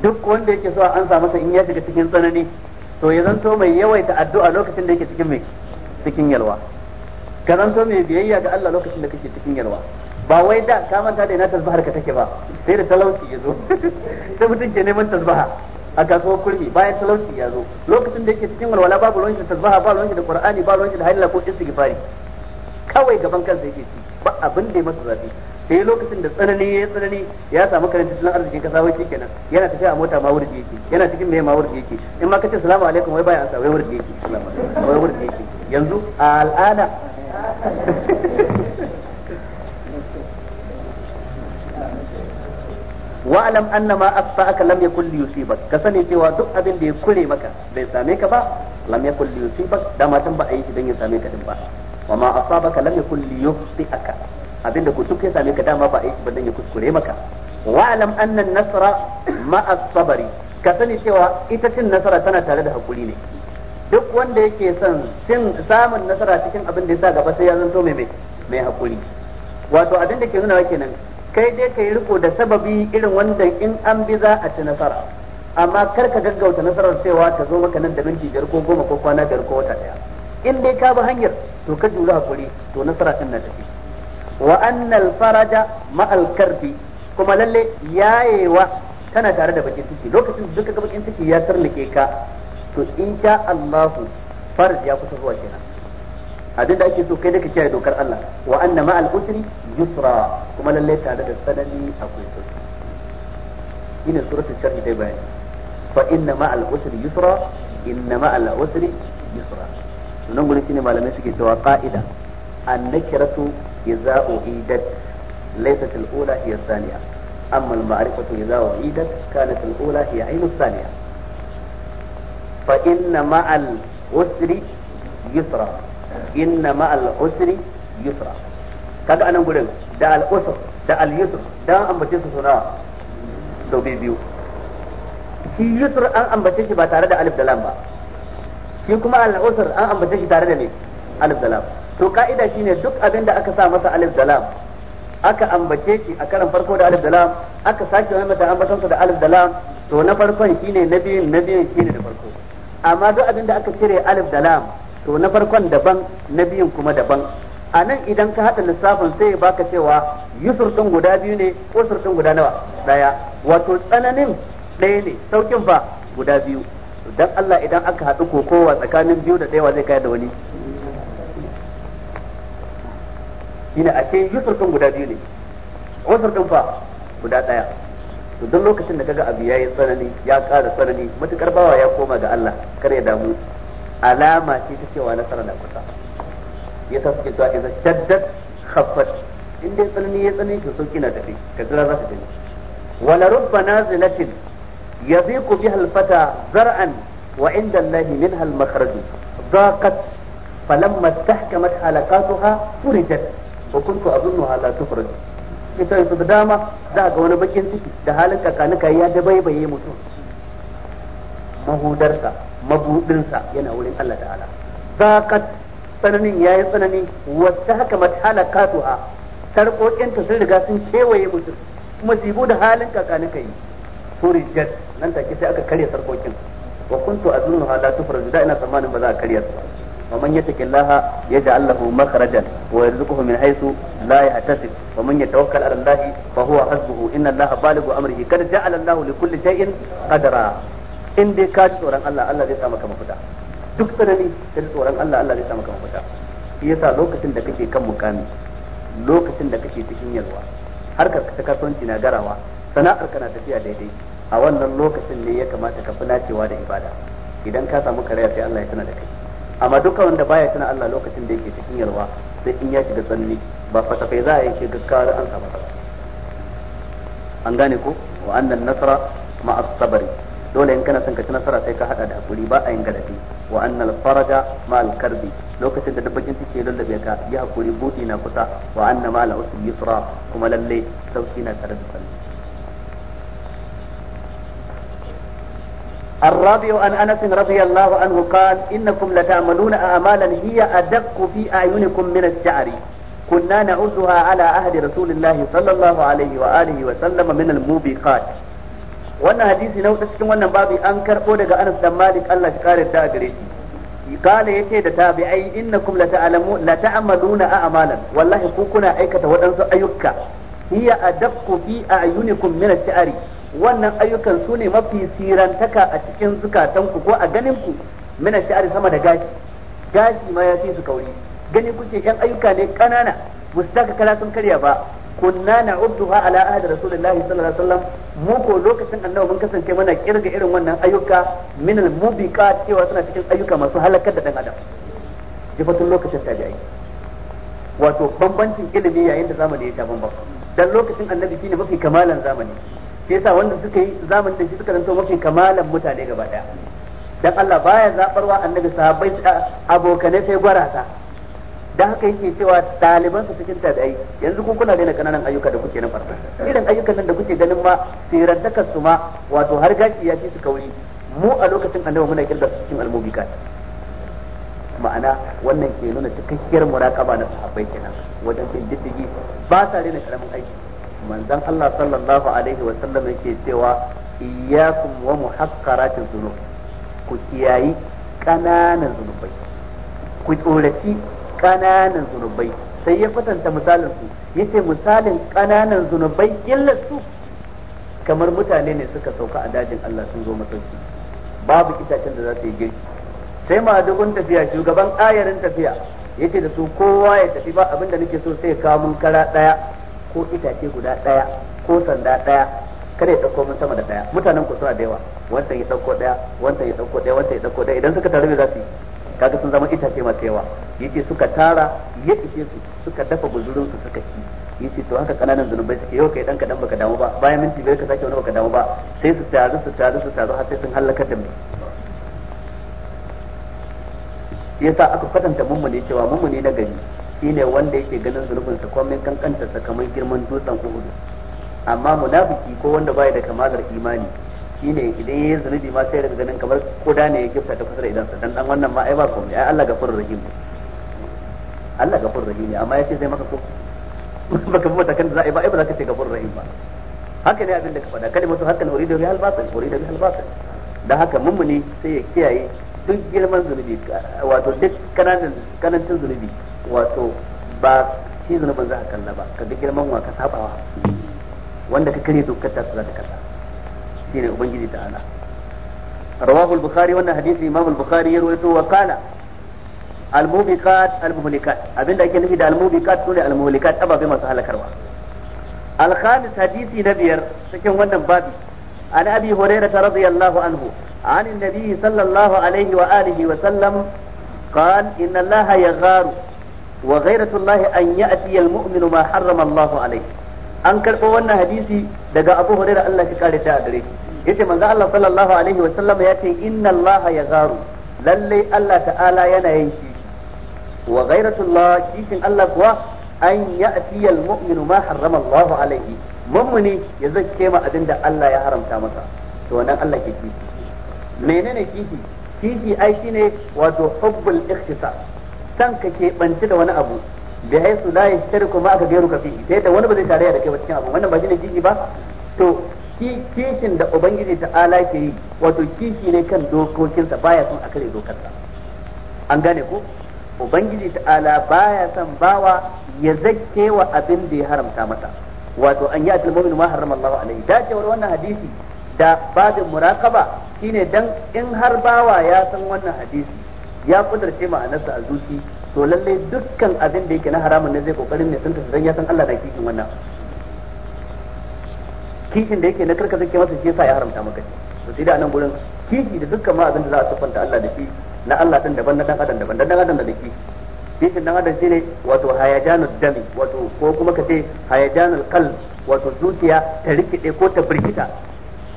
duk wanda yake so a ansa masa in ya shiga cikin tsanani to ya zanto mai yawaita addu'a lokacin da yake cikin mai cikin yalwa ka zanto mai biyayya ga Allah lokacin da kake cikin yalwa ba wai da ka manta da ina tasbihar ka take ba sai da talauci ya zo sai mutum ke neman tasbaha a kasuwar kurmi bayan talauci ya zo lokacin da yake cikin walwala babu ruwan shi da tasbaha ba ruwan shi da qur'ani ba ruwan shi da halila ko istighfari kawai gaban kansa yake ci ba abin da ya masa zafi sai eh, lokacin da tsanani ya tsanani ya samu karanta tattalin arzikin kasa wai kenan yana tafiya a mota ma wurdi yake yana cikin mai ma wurdi yake in ma kace salamu alaikum wai wai yake salamu wai yake yanzu a al'ada wa alam anna ma asfa'aka lam yakul yusibak ka sani cewa duk abin da ya kure maka bai same ka ba lam yakul yusibak da matan ba a yi shi dan ya same ka din ba wa ma asabaka lam yakul yusibaka abinda ku suka same ka dama ba aiki ba dan ya kuskure maka alam anna nasra ma as sabri ka sani cewa ita cin nasara tana tare da hakuri ne duk wanda yake son cin samun nasara cikin abin da ya gaba sai ya zanto mai mai mai hakuri wato abin da ke nuna kenan kai dai kai riko da sababi irin wanda in an bi za a ci nasara amma kar ka gaggauta nasarar cewa ta zo maka nan da minti jar ko goma ko kwana biyar ko wata daya in dai ka bi hanyar to ka jura hakuri to nasara din na tafi wa annal faraja ma'al karbi kuma lalle yayewa tana tare da bakin ciki lokacin da duka bakin ciki ya tarlake ka to insha Allah farj ya kusa zuwa kenan abinda ake so kai da ka kiyaye dokar Allah wa anna ma'al usri yusra kuma lalle tare da tsanani akwai sauki ina suratul sharh dai bayani fa inna ma'al usri yusra inna ma'al usri yusra nan gurin shine malamai suke cewa qa'ida annakiratu idza uhidat laysat al-ula hiya al-thaniya amma al-ma'rifatu idza uhidat kanat al-ula hiya fa inna ma'al yusra kaga anan gurin da al da al da ambace su suna sau biyu shi yusr an ambace shi ba tare da alif da lam ba shi kuma al an ambace shi tare da me alif da lam to ka'ida shine duk abin da aka sa masa alif da lam aka ambace shi a karan farko da alif da lam aka sake wani mata ambatansa da alif da lam to na farkon shine na biyun na biyun shine da farko amma duk abin da aka cire alif da lam to na farkon daban na biyun kuma daban a idan ka haɗa lissafin sai baka cewa yusur ɗin guda biyu ne ko sur guda nawa ɗaya wato tsananin ɗaya ne saukin fa guda biyu dan Allah idan aka haɗu kokowa tsakanin biyu da ɗaya zai kai da wani shine ashe yusur kan guda biyu ne usur din fa guda daya to duk lokacin da kaga abu yayi tsanani ya ƙara tsanani matukar bawa ya koma ga Allah kar ya damu alama ce ta cewa nasara na kusa ya ta suke cewa idan shaddat khaffat in dai tsanani ya tsanani to sauki na tafi ka jira za ta tafi wala rubba nazilatin yadhiqu biha al-fata zar'an wa inda Allah minha al-makhraj ضاقت فلما استحكمت حلقاتها فرجت fa abun azunnu ala tufrad ita yanzu da dama za ga wani bakin ciki da halin kakanuka ya da baibaye mutum mahudarsa mabudinsa yana wurin Allah ta'ala ka tsananin yayi tsanani wata haka mathalakatuha sarkokinta sun riga sun kewaye mutum musibu da halin kakanuka yi furijat nan take sai aka karya sarkokin wa kuntu azunu hala tufra da ina tsammanin ba za a karya su ومن يتق الله يجعل له مخرجا ويرزقه من حيث لا يحتسب ومن يتوكل على الله فهو حسبه ان الله بالغ امره قد جعل الله لكل شيء قدرا in dai ka ji tsoron Allah Allah zai sa maka mafita duk tsanani ka ji tsoron Allah Allah zai sa maka mafita shi yasa lokacin da kake kan mukami lokacin da kake cikin yalwa harkar ta kasuwanci na garawa sana'ar kana tafiya daidai a wannan lokacin ne ya kamata ka fi nacewa da ibada idan ka samu karaya sai Allah ya tana da kai amma duka wanda baya tana Allah lokacin da yake cikin yalwa sai in ya shiga tsanani ba fa kai za a yanke gaggawar an samu ba an gane ko wa annan nasara ma sabari dole in kana son ka ci nasara sai ka hada da hakuri ba a yin galabi wa annal faraja ma al karbi lokacin da dabbakin cike lallabe ka yi hakuri budi na kusa wa annama la usri yusra kuma lalle sauki na tare da sallah الرابع عن أنس رضي الله عنه قال إنكم لتعملون أعمالا هي أدق في أعينكم من الشعر كنا نعدها على عهد رسول الله صلى الله عليه وآله وسلم من الموبقات wannan hadisi na cikin wannan babu an karbo daga Anas dan Malik Allah ya kare ta gare shi kale yace da tabi'ai innakum la ta'lamu la a'malan wallahi ku kuna aikata waɗansu ayyuka hiya adaqqu fi a'yunikum min ash wannan ayyukan su ne mafi sirantaka a cikin zukatanku ko a ganin ganinku mina ari sama da gashi gashi ma ya fi su kauri gani kuke yan ayyuka ne kanana mustaka kala sun karya ba kunna na'udduha ala ahd rasulullahi sallallahu alaihi wasallam mu ko lokacin annabi mun kasance muna kirga irin wannan ayyuka min al-mubiqat cewa suna cikin ayyuka masu halakar da dan adam jifatun lokacin ta jayi wato bambancin ilimi yayin da zamani ya ta bambam dan lokacin annabi shine mafi kamalan zamani shi yasa wanda suka yi zamani da shi suka zanto mafi kamalan mutane gaba daya dan Allah baya zabarwa annabi sahabbai abokanai sai gwarasa dan haka yake cewa ɗaliban su cikin tabi'ai yanzu ku kuna daina kananan ayyuka da kuke na farko irin ayyukan nan da kuke ganin ma sirantakar su ma wato har gashi ya ci su kauri mu a lokacin annabi muna kirda su cikin almubikat ma'ana wannan ke nuna cikakkiyar muraƙaba na sahabbai kenan wajen bin diddigi ba sa daina karamin aiki manzon Allah sallallahu alaihi wa sallam yake cewa iyyakum wa muhaqqaratiz dhunub ku kiyayi kananan zunubai ku tsoraci kananan zunubai sai ya kwatanta misalin su yace misalin kananan zunubai illar su kamar mutane ne suka sauka a dajin Allah sun zo masauki babu itacen da za su yi girki sai madugun tafiya shugaban ayarin tafiya yace da su kowa ya tafi ba abinda nake so sai kawo mun kara daya ko itace guda daya ko sanda daya kada ya dauko mun sama da daya mutanen ku suna da yawa wancan ya dauko daya wancan ya dauko daya wancan ya dauko daya idan suka taru me za su yi kaga sun zama itace masu yawa yace suka tara ya ishe su suka dafa guzurin su suka ci yace to haka kananan zunubai suke yau kai dan kadan baka damu ba bayan minti bai ka sake wani baka damu ba sai su taru su taru su taru har sai sun halaka da mu yasa aka kwatanta mummune cewa mummune na gari shine wanda yake ganin zunubin sa komai kankanta sa kamar girman dutsen Uhud amma munafiki ko wanda baya da kamar imani shine idan yayi zunubi ma sai daga ganin kamar koda ne ya gifta ta kusa da idansa sa dan dan wannan ma ai ba komai ai Allah gafurur rahim Allah gafurur rahim amma yace zai maka ko baka bi matakan da za'a yi ba ai ba za ka ce gafurur rahim ba haka ne abin da ka faɗa kada mutum kalimatu hakan uridu bihal batil uridu bihal batil dan haka mummuni sai ya kiyaye duk girman zunubi wato duk kananan kanancin zunubi wato ba shi zunubin za ka kalla ba ka duk girman wa ka sabawa wanda ka kare dokar ta za ta kalla ne ubangiji ala. Bukhari wannan hadisi ta'ala رواه البخاري وان حديث الامام البخاري يروي وقال الموبقات المهلكات abinda ake nufi da Al-Muhimbi almubiqat sune almuhlikat ababe masu halakarwa الخامس hadisi na biyar cikin wannan babi عن أبي هريرة رضي الله عنه عن النبي صلى الله عليه وآله وسلم قال إن الله يغار وغيرة الله أن يأتي المؤمن ما حرم الله عليه an karɓo wannan hadisi daga Abu Hurairah Allah shi kare ta gare shi yace manzo Allah sallallahu alaihi wa sallam ya ce inna Allah ya garu lalle Allah ta'ala yana yin kishi Allah kuwa an ya'ti al-mu'minu ma harrama Allahu alaihi mummuni ya zakke ma abinda Allah ya haramta masa to nan Allah ke kishi menene kishi kishi ai shine wato hubbul ikhtisar san ka ke banci da wani abu bi haisu la yashtariku ma aka gairu ka fihi sai da wani ba zai tarayya da kai ba cikin abu wannan ba shine kishi ba to shi kishin da ubangiji ta'ala ke yi wato kishi ne kan dokokinsa baya son akare dokar dokarsa an gane ko ubangiji ta'ala baya son bawa ya zakke wa abin da ya haramta masa wato an yi atil mu'min ma harrama Allah alaihi dacewar wannan hadisi da babin muraqaba shine dan in har bawa ya san wannan hadisi ya kudurce ma'anarsa a zuci to lalle dukkan abin da yake na haramun ne zai kokarin ne tunta dan ya san Allah na kikin wannan kishin da yake na karka zake masa shi yasa ya haramta maka to sai da nan gurin kishi da dukkan ma abin da za a tuffanta Allah da shi na Allah din daban na dan adam daban dan adam da dake kishin dan adam shine wato hayajanul dami wato ko kuma kace hayajanul qalb wato zuciya ta rikide ko ta birkita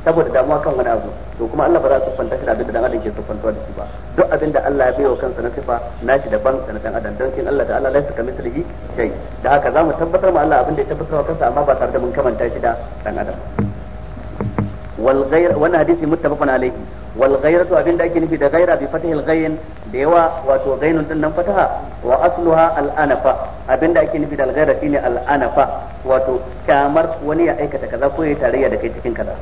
saboda damuwa kan wani abu to kuma Allah ba za su fanta shi da abinda dan adam ke sufantuwa da shi ba duk abinda Allah ya baiwa kansa na sifa nashi daban da na dan adam dan shi Allah ta'ala laysa kamithlihi shay da haka zamu tabbatar ma Allah abin da ya tabbatar wa kansa amma ba tare da mun kamanta shi da dan adam wal ghayr wannan hadisi muttafaqun alayhi wal ghayratu abinda ake nufi da ghaira bi fatahil ghayn da yawa wato ghainun din nan fataha wa asluha al anafa abinda ake nufi da al ghaira shine al anafa wato kamar wani ya aikata kaza ko ya da kai cikin kaza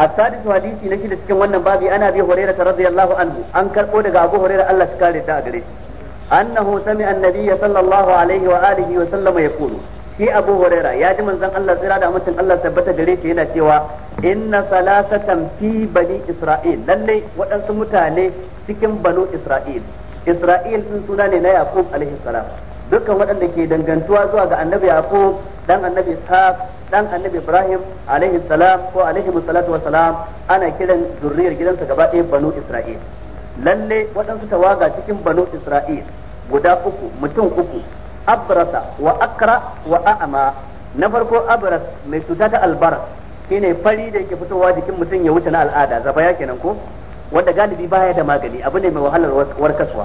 السادس حديثي نشد cikin wannan babi ana bi hurairah radiyallahu anhu an karbo daga Abu Hurairah Allah shi kare a gare shi annahu sami'a an-nabiy sallallahu alaihi wa shi Abu Huraira ya ji manzon Allah tsira da mutum Allah tabbata gare shi yana cewa inna salasatan fi bani Isra'il lalle waɗansu mutane cikin banu Isra'il Isra'il sun suna ne na Yaqub alaihi salam dukkan waɗanda ke dangantuwa zuwa ga Annabi Yaqub dan Annabi Ishaq dan Annabi Ibrahim alaihi salam ko alaihi salatu ana kiran zurriyar gidansa gaba ɗaya banu Isra'il lalle waɗansu tawaga cikin banu Isra'il guda uku mutum uku abrasa wa akra wa a'ma na farko abras mai cuta ta albar shine fari da yake fitowa jikin mutum ya wuce na al'ada zaba zabaya kenan ko wanda galibi baya da magani abu ne mai wahalar warkaswa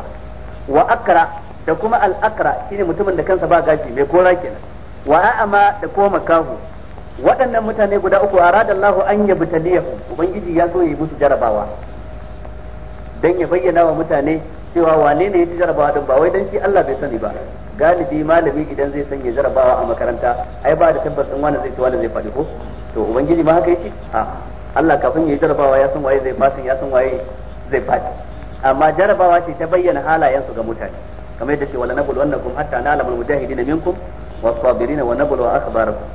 wa akra da kuma al'akra shine mutumin da kansa ba gashi mai kora kenan wa a'ama da kuma makahu waɗannan mutane guda uku aradallahu an yabtaliyahu ubangiji ya so ya yi musu jarabawa dan ya bayyana wa mutane cewa wane ne ya ci jarabawa din ba wai dan shi Allah bai sani ba galibi malami idan zai sanya jarabawa a makaranta ai ba da tabbas din wani zai ci wani zai faɗi ko to ubangiji ma haka yake a Allah kafin ya yi jarabawa ya san waye zai fasin ya san waye zai faɗi amma jarabawa ce ta bayyana halayensu ga mutane kamar yadda ce wala nabul wannakum hatta na'lamu al-mujahidina minkum was-sabirin wa nabul wa akhbarakum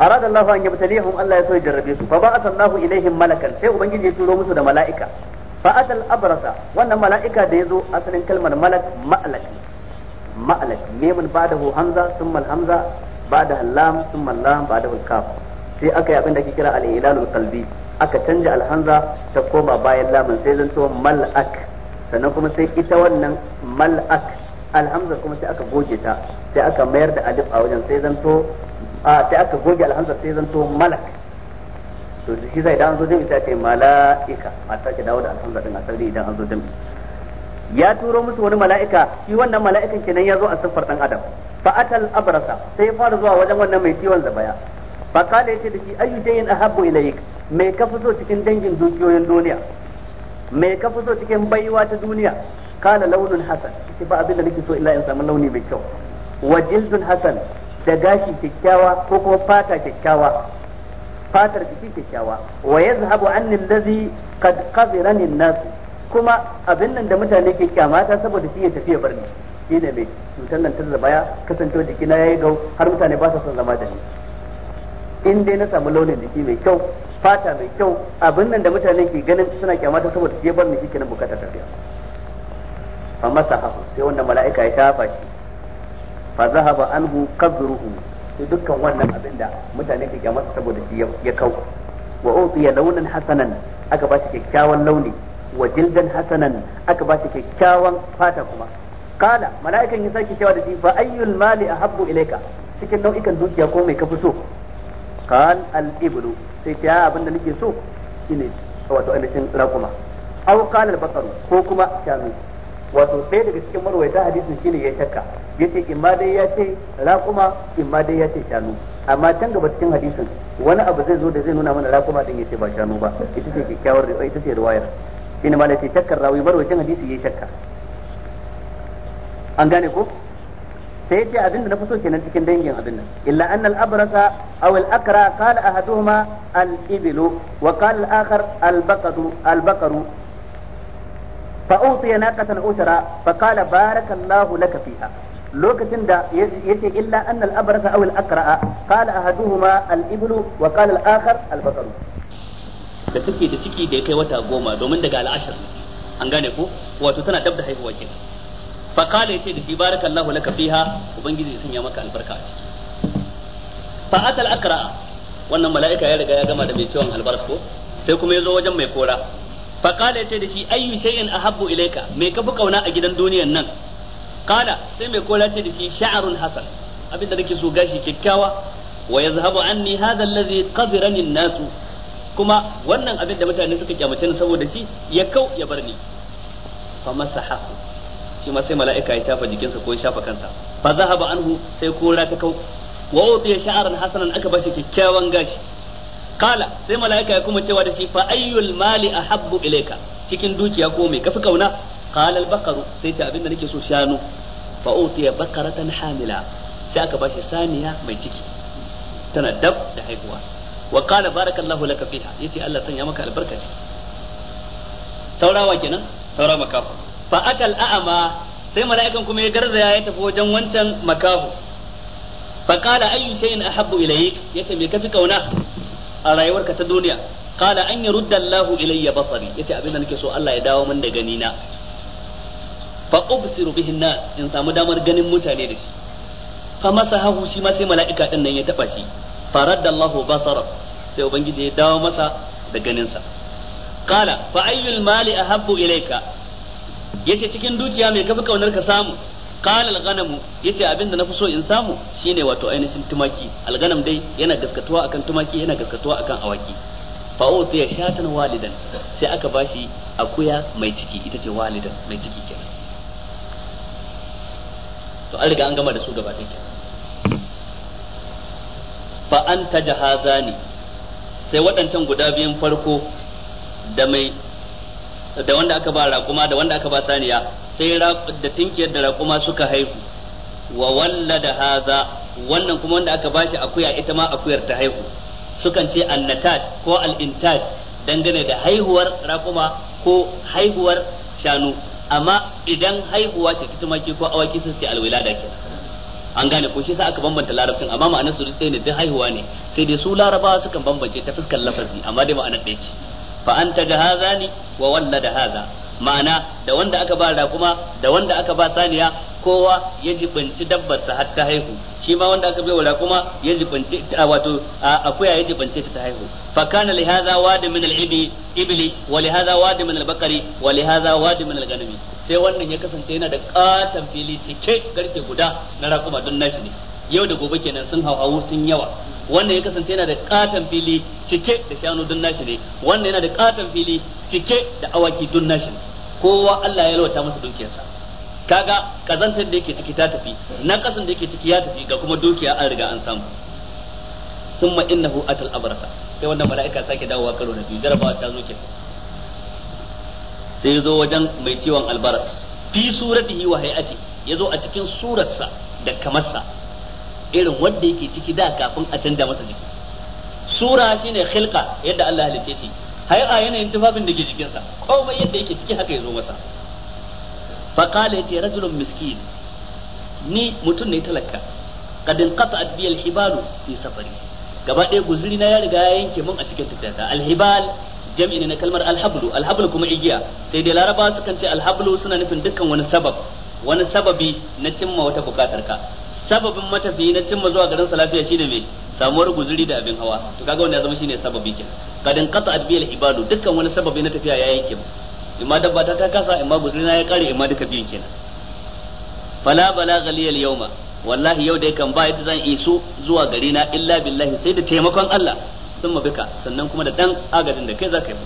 arada Allah an yabtalihum Allah ya so ya jarrabe su fa ba'atha ilaihim malakan sai ubangiji ya turo musu da mala'ika fa adal abrasa wannan mala'ika da yazo asalin kalmar malak ma'alak ma'alak memun ba'dahu hamza thumma hamza ba'da lam thumma lam ba'da kaf sai aka yi abin da ake kira al-ilalul qalbi aka canja alhamza ta koma bayan lamun sai zanto mal'ak sannan kuma sai ita wannan mal'ak alhamza kuma sai aka goge ta sai aka mayar da alif a wajen sai zanto a sai aka goge alhamza sai zanto malak to shi sai idan an zo jami'i sai ce mala'ika a take dawo da alhamza din a sarri idan an zo jami'i ya turo musu wani mala'ika shi wannan mala'ikan kenan ya zo a siffar dan adam fa atal abrasa sai ya fara zuwa wajen wannan mai ciwon zabaya fa kale yace da shi ayu shay'in ahabbu ilayk me ka fi so cikin dangin dukiyoyin duniya me ka fi so cikin baiwa ta duniya kala launin hasan shi ba abin da nake so illa in samu launi mai kyau wa jildun hasan da gashi kyakkyawa ko kuma fata kyakkyawa fatar jiki kyakkyawa wa yazhabu anni allazi qad qabirani an-nas kuma abin nan da mutane ke kyamata saboda shi ya tafi ya bar ni shine mai cutar nan ta jiki kasancewa jikina yayi gau har mutane ba sa son zama da ni in dai na samu launin jiki mai kyau fata mai kyau abin nan da mutane ke ganin suna kyamata saboda shi ya bar ni shikenan bukatar tafiya fa masahahu sai wannan mala'ika ya shafa shi fa zahaba anhu qadruhu sai dukkan wannan abin da mutane ke kyamar saboda shi ya kau wa ya launan hasanan aka ba shi kyakkyawan launi wa jildan hasanan aka ba shi kyakkyawan fata kuma kala mala'ikan yin sake cewa da shi fa ayyul mali ahabbu ilayka cikin nau'ikan dukiya ko mai kafi so Kan al sai ta abin da nake so shine wato ainihin raƙuma aw qala al ko kuma shanu wato ɗaya daga cikin marwaita hadisin shine ya shakka yace in ma dai ya ce raƙuma ma dai ya ce shanu amma can gaba cikin hadisin wani abu zai zo da zai nuna mana raƙuma din yace ba shanu ba ita ce kyakkyawar da ita ce riwayar shine ma ce shakkar rawi marwaitin hadisi ya shakka an gane ko sai yace abinda na so kenan cikin dangin abin nan illa annal al-abrasa aw al-akra qala ahaduhuma al-iblu wa qala al-akhar al-baqaru al-baqaru fa utiya naqatan usra fa qala barakallahu laka fiha lokacin da yace illa anna al-abrasa aw al-aqra qala ahaduhuma al-iblu al da take da ciki da ya kai wata goma domin daga al'ashir an gane ku wato tana dab da haihuwa kenan fa qala yace da shi barakallahu laka fiha ubangiji ya sanya maka albarka a ciki fa atal aqra wannan mala'ika ya riga ya gama da mai ciwon albaras ko sai kuma ya zo wajen mai kora fa qala da shi ayyu shay'in ahabbu ilayka me ka fi kauna a gidan duniyan nan qala sai mai kola ce da shi sha'run hasan abinda nake so gashi kyakkyawa wa yazhabu anni hadha alladhi qadirani an-nas kuma wannan abin da mutane suka kyamace ni saboda shi ya kau ya bar ni fa masaha shi ma sai mala'ika ya shafa jikinsa ko ya shafa kansa fa zahaba anhu sai kora ta kau wa utiya sha'ran hasanan aka bashi kyakkyawan gashi kala sai mala'ika ya kuma cewa da shi fa ayyul mali ahabbu ilayka cikin dukiya ko mai kafi kauna qala al sai ta abinda nake so shanu fa utiya bakaratan hamila sai aka bashi saniya mai ciki tana dab da haihuwa wa qala barakallahu laka fiha yace Allah sanya maka albarka ce saurawa kenan saura makafu fa atal a'ama sai mala'ikan kuma ya garzaya ya tafi wajen wancan makafu fa qala ayyu shay'in ahabbu ilayk yace me kafi kauna a rayuwarka ta duniya qala an yurda Allahu ilayya basari yace abin da nake so Allah ya dawo min da gani na fa ubsiru bihin na in samu damar ganin mutane da shi fa hahu shi ma sai mala'ika din nan ya taba shi faradda Allahu basara sai ubangiji ya dawo masa da ganin sa qala fa ayyul mali ahabbu ilayka yace cikin dukiya mai kafi kaunar ka samu qala al-ghanam yace abinda nafi so in samu shine wato ainihin tumaki alganam dai yana gaskatuwa akan tumaki yana gaskatuwa akan awaki fa utiya shatan walidan sai aka bashi akuya mai ciki ita ce walidan mai ciki kenan to an riga an gama da su gaba ɗaya fa an jahazani sai waɗancan guda biyun farko da mai da wanda aka ba raƙuma da wanda aka ba saniya sai da tinkiyar da raƙuma suka haihu wa walla da haza wannan kuma wanda aka bashi akuya ita ma akuyar ta haihu sukan ce annatat ko al'intat dangane da haihuwar raƙuma ko haihuwar shanu amma idan haihuwa ce ta tumaki ko awaki sun ce alwilada ke an gane ko shi sa aka bambanta larabcin amma ma'anar su ne duk haihuwa ne sai dai su larabawa sukan bambance ta fuskar lafazi amma dai ma'anar ɗaya ce fa anta da haza ne wa walla da haza ma'ana da wanda aka ba raƙuma da wanda aka ba saniya kowa ya jibinci dabbar sa har ta haihu shi ma wanda aka baiwa raƙuma ya jibinci wato akuya ya jibince ta haihu fa kana li hadha wadi min al ibli wa li hadha wadi min al bakari wa li hadha wadi min al ganami sai wannan ya kasance yana da katan fili cike garke guda na raƙuma don nashi ne yau da gobe kenan sun hawa sun yawa wannan ya kasance yana da katon fili cike da shanu dun nashi ne wannan yana da katon fili cike da awaki dun nashi kowa Allah ya lawata masa dukiyarsa kaga kazantar da yake ciki ta tafi na kasan da yake ciki ya tafi ga kuma dukiya an riga an samu thumma innahu atal abrasa sai wannan mala'ika sake dawowa karo na biyu jarabawa ta zo kenan sai zo wajen mai ciwon albaras fi suratihi wa hay'ati yazo a cikin surarsa da kamarsa irin wanda yake ciki da kafin a canja masa jiki sura shine khilqa yadda Allah halice shi a yanayin tufafin da ke jikinsa komai yadda yake ciki haka ya zo masa fa qala ya rajulun miskin ni mutum ne talaka qad inqata'at bi al-hibalu fi safari gaba ɗaya guzuri na ya riga ya yanke mun a cikin tattata al-hibal ne na kalmar alhablu alhablu kuma igiya sai dai laraba sukan ce alhablu suna nufin dukkan wani sabab wani sababi na cimma wata bukatar ka sababin matafiyi na cimma zuwa garin salafiya lafiya shine me samuwar guzuri da abin hawa to kaga wanda ya zama shine sababi kenan kadin qata adbiyal ibadu dukkan wani sababi na tafiya ya yanke imma dabba ta kasa imma guzuri na ya kare imma duka biyun kenan fala bala liyal yawma wallahi yau dai kan ba yadda zan iso zuwa gari na illa billahi sai da taimakon Allah sun bika sannan kuma da dan agadin da kai za ka yi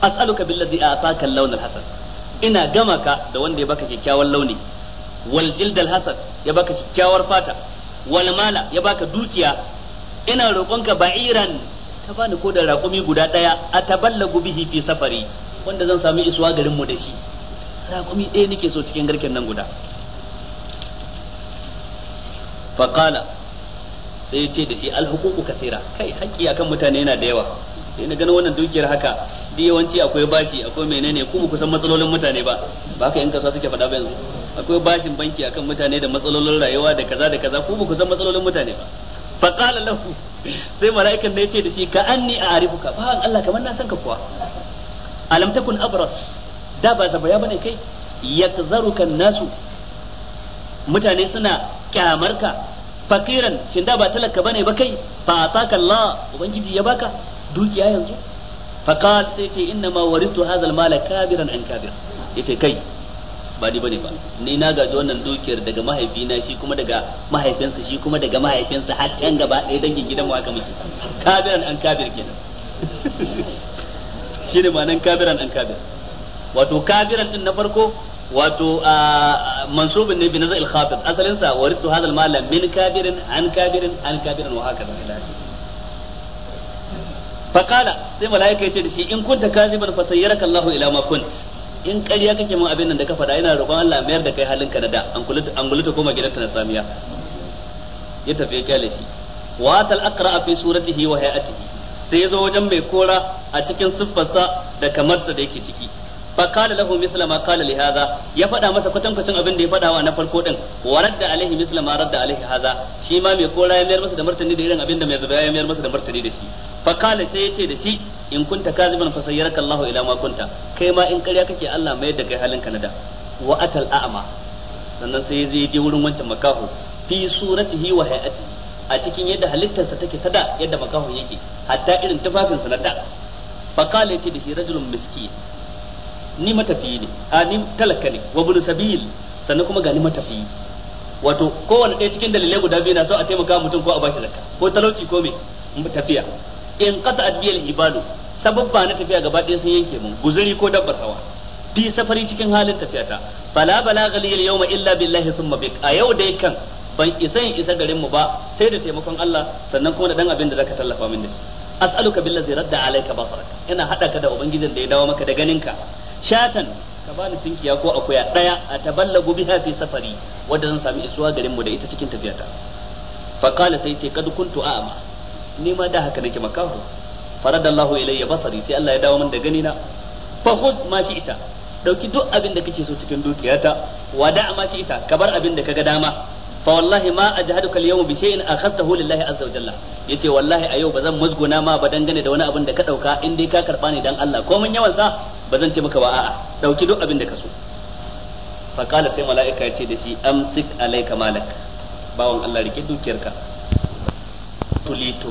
as'aluka billazi a'taka al-lawn al-hasan ina gama ka da wanda ya baka kyakkyawan launi wal jildal hasan ya baka kyakkyawar fata wal mala ya baka dukiya ina roƙonka ba'iran ta bani ko da raƙumi guda daya a taballagu bihi fi safari wanda zan sami isuwa garin mu da shi raƙumi ɗaya nake so cikin garken nan guda faqala sai ce da shi alhuququ katira kai haƙƙi akan mutane yana da yawa sai na gano wannan dukiyar haka da yawanci akwai bashi akwai menene kuma kusan matsalolin mutane ba ba haka in kasuwa suke faɗa ba yanzu akwai bashin banki akan mutane da matsalolin rayuwa da kaza da kaza ku buku ku san matsalolin mutane ba fa qala lahu sai mala'ikan ne yace da shi ka anni a'rifuka fa Allah kamar na san ka kuwa alam takun abras da ba zabaya bane kai yakzaruka nasu mutane suna kyamarka fakiran shin da ba talaka bane ba kai fa ataka Allah ubangiji ya baka dukiya yanzu fa qala sai ce inna ma waristu hadha al-mala kabiran an kabir yace kai ba ni bane ba ni na gaji wannan dukiyar daga mahaifina shi kuma daga mahaifinsa shi kuma daga mahaifinsa har can gaba ɗaya dangin gidan mu aka muke kabiran an kabir kenan shine ma'anan kabiran an kabir wato kabiran din na farko wato mansubin ne bi nazar al-khatir asalin sa warisu hadal mala min kabirin an kabirin an kabirin wa haka da ya سي ملائكه da shi in kunta كاذبا فسيرك الله ila ma كنت in ƙarya kake mun abin nan da ka faɗa ina roƙon Allah mayar da kai halinka na da an ta koma gidanta na samiya ya tafi ya kyale shi wa tal aqra fi suratihi wa hayatihi sai ya zo wajen mai kora a cikin siffarsa da kamarsa da yake ciki fa kala lahu misla ma kala li hadha ya faɗa masa kwatankwacin abin da ya faɗa wa na farko din wa radda alaihi misla ma radda alaihi hadha shi ma mai kora ya mayar masa da martani da irin abin da mai zuba ya mayar masa da martani da shi fa kala sai ya ce da shi in kunta kaziban fa sayyaraka Allah ila ma kunta kai ma in ƙarya kake Allah mai da kai halin ka nada wa atal a'ma sannan sai zai je wurin wancan makaho fi suratihi wa hayati a cikin yadda halittarsa take tada yadda makahu yake hatta irin tufafinsa na da fa qala yake da rajulun miskin ni matafiyi ne a ni talaka ne wa bin sabil sannan kuma ga ni matafiyi wato kowanne ɗaya cikin dalilai guda biyu na so a taimaka mutum ko a bashi zakka ko talauci ko me tafiya in qata adiyal hibalu sababba na tafiya gaba ɗaya sun yanke mun guzuri ko dabbar hawa fi safari cikin halin tafiyata bala-bala yau yawma illa billahi thumma bik a yau dai kan ban isa in isa garin mu ba sai da taimakon Allah sannan kuma da dan abin da zaka tallafa min da shi as'aluka billazi radda alayka basarak ina hada ka da ubangijin da ya dawo maka da ganinka shatan ka bani tinkiya ko akuya daya a taballagu biha fi safari wanda zan sami isuwa garin mu da ita cikin tafiyata fa qala sai ce kad kuntu a'ma ni ma da haka nake makahu faradallahu ilayya basari sai Allah ya dawo min da gani na fa khudh ma shi'ta dauki duk abin da kake so cikin dukiyata wa da ma shi'ta kabar abin da kaga dama fa wallahi ma ajhaduka al yawma bi shay'in akhadtahu lillahi azza wa jalla yace wallahi a yau bazan musguna ma ba dangane da wani abin da ka dauka in dai ka karba ne dan Allah ko mun yawan sa bazan ce maka ba a'a dauki duk abin da ka so fa qala sai mala'ika yace da shi amsik alayka malak bawon Allah rike dukiyarka tulito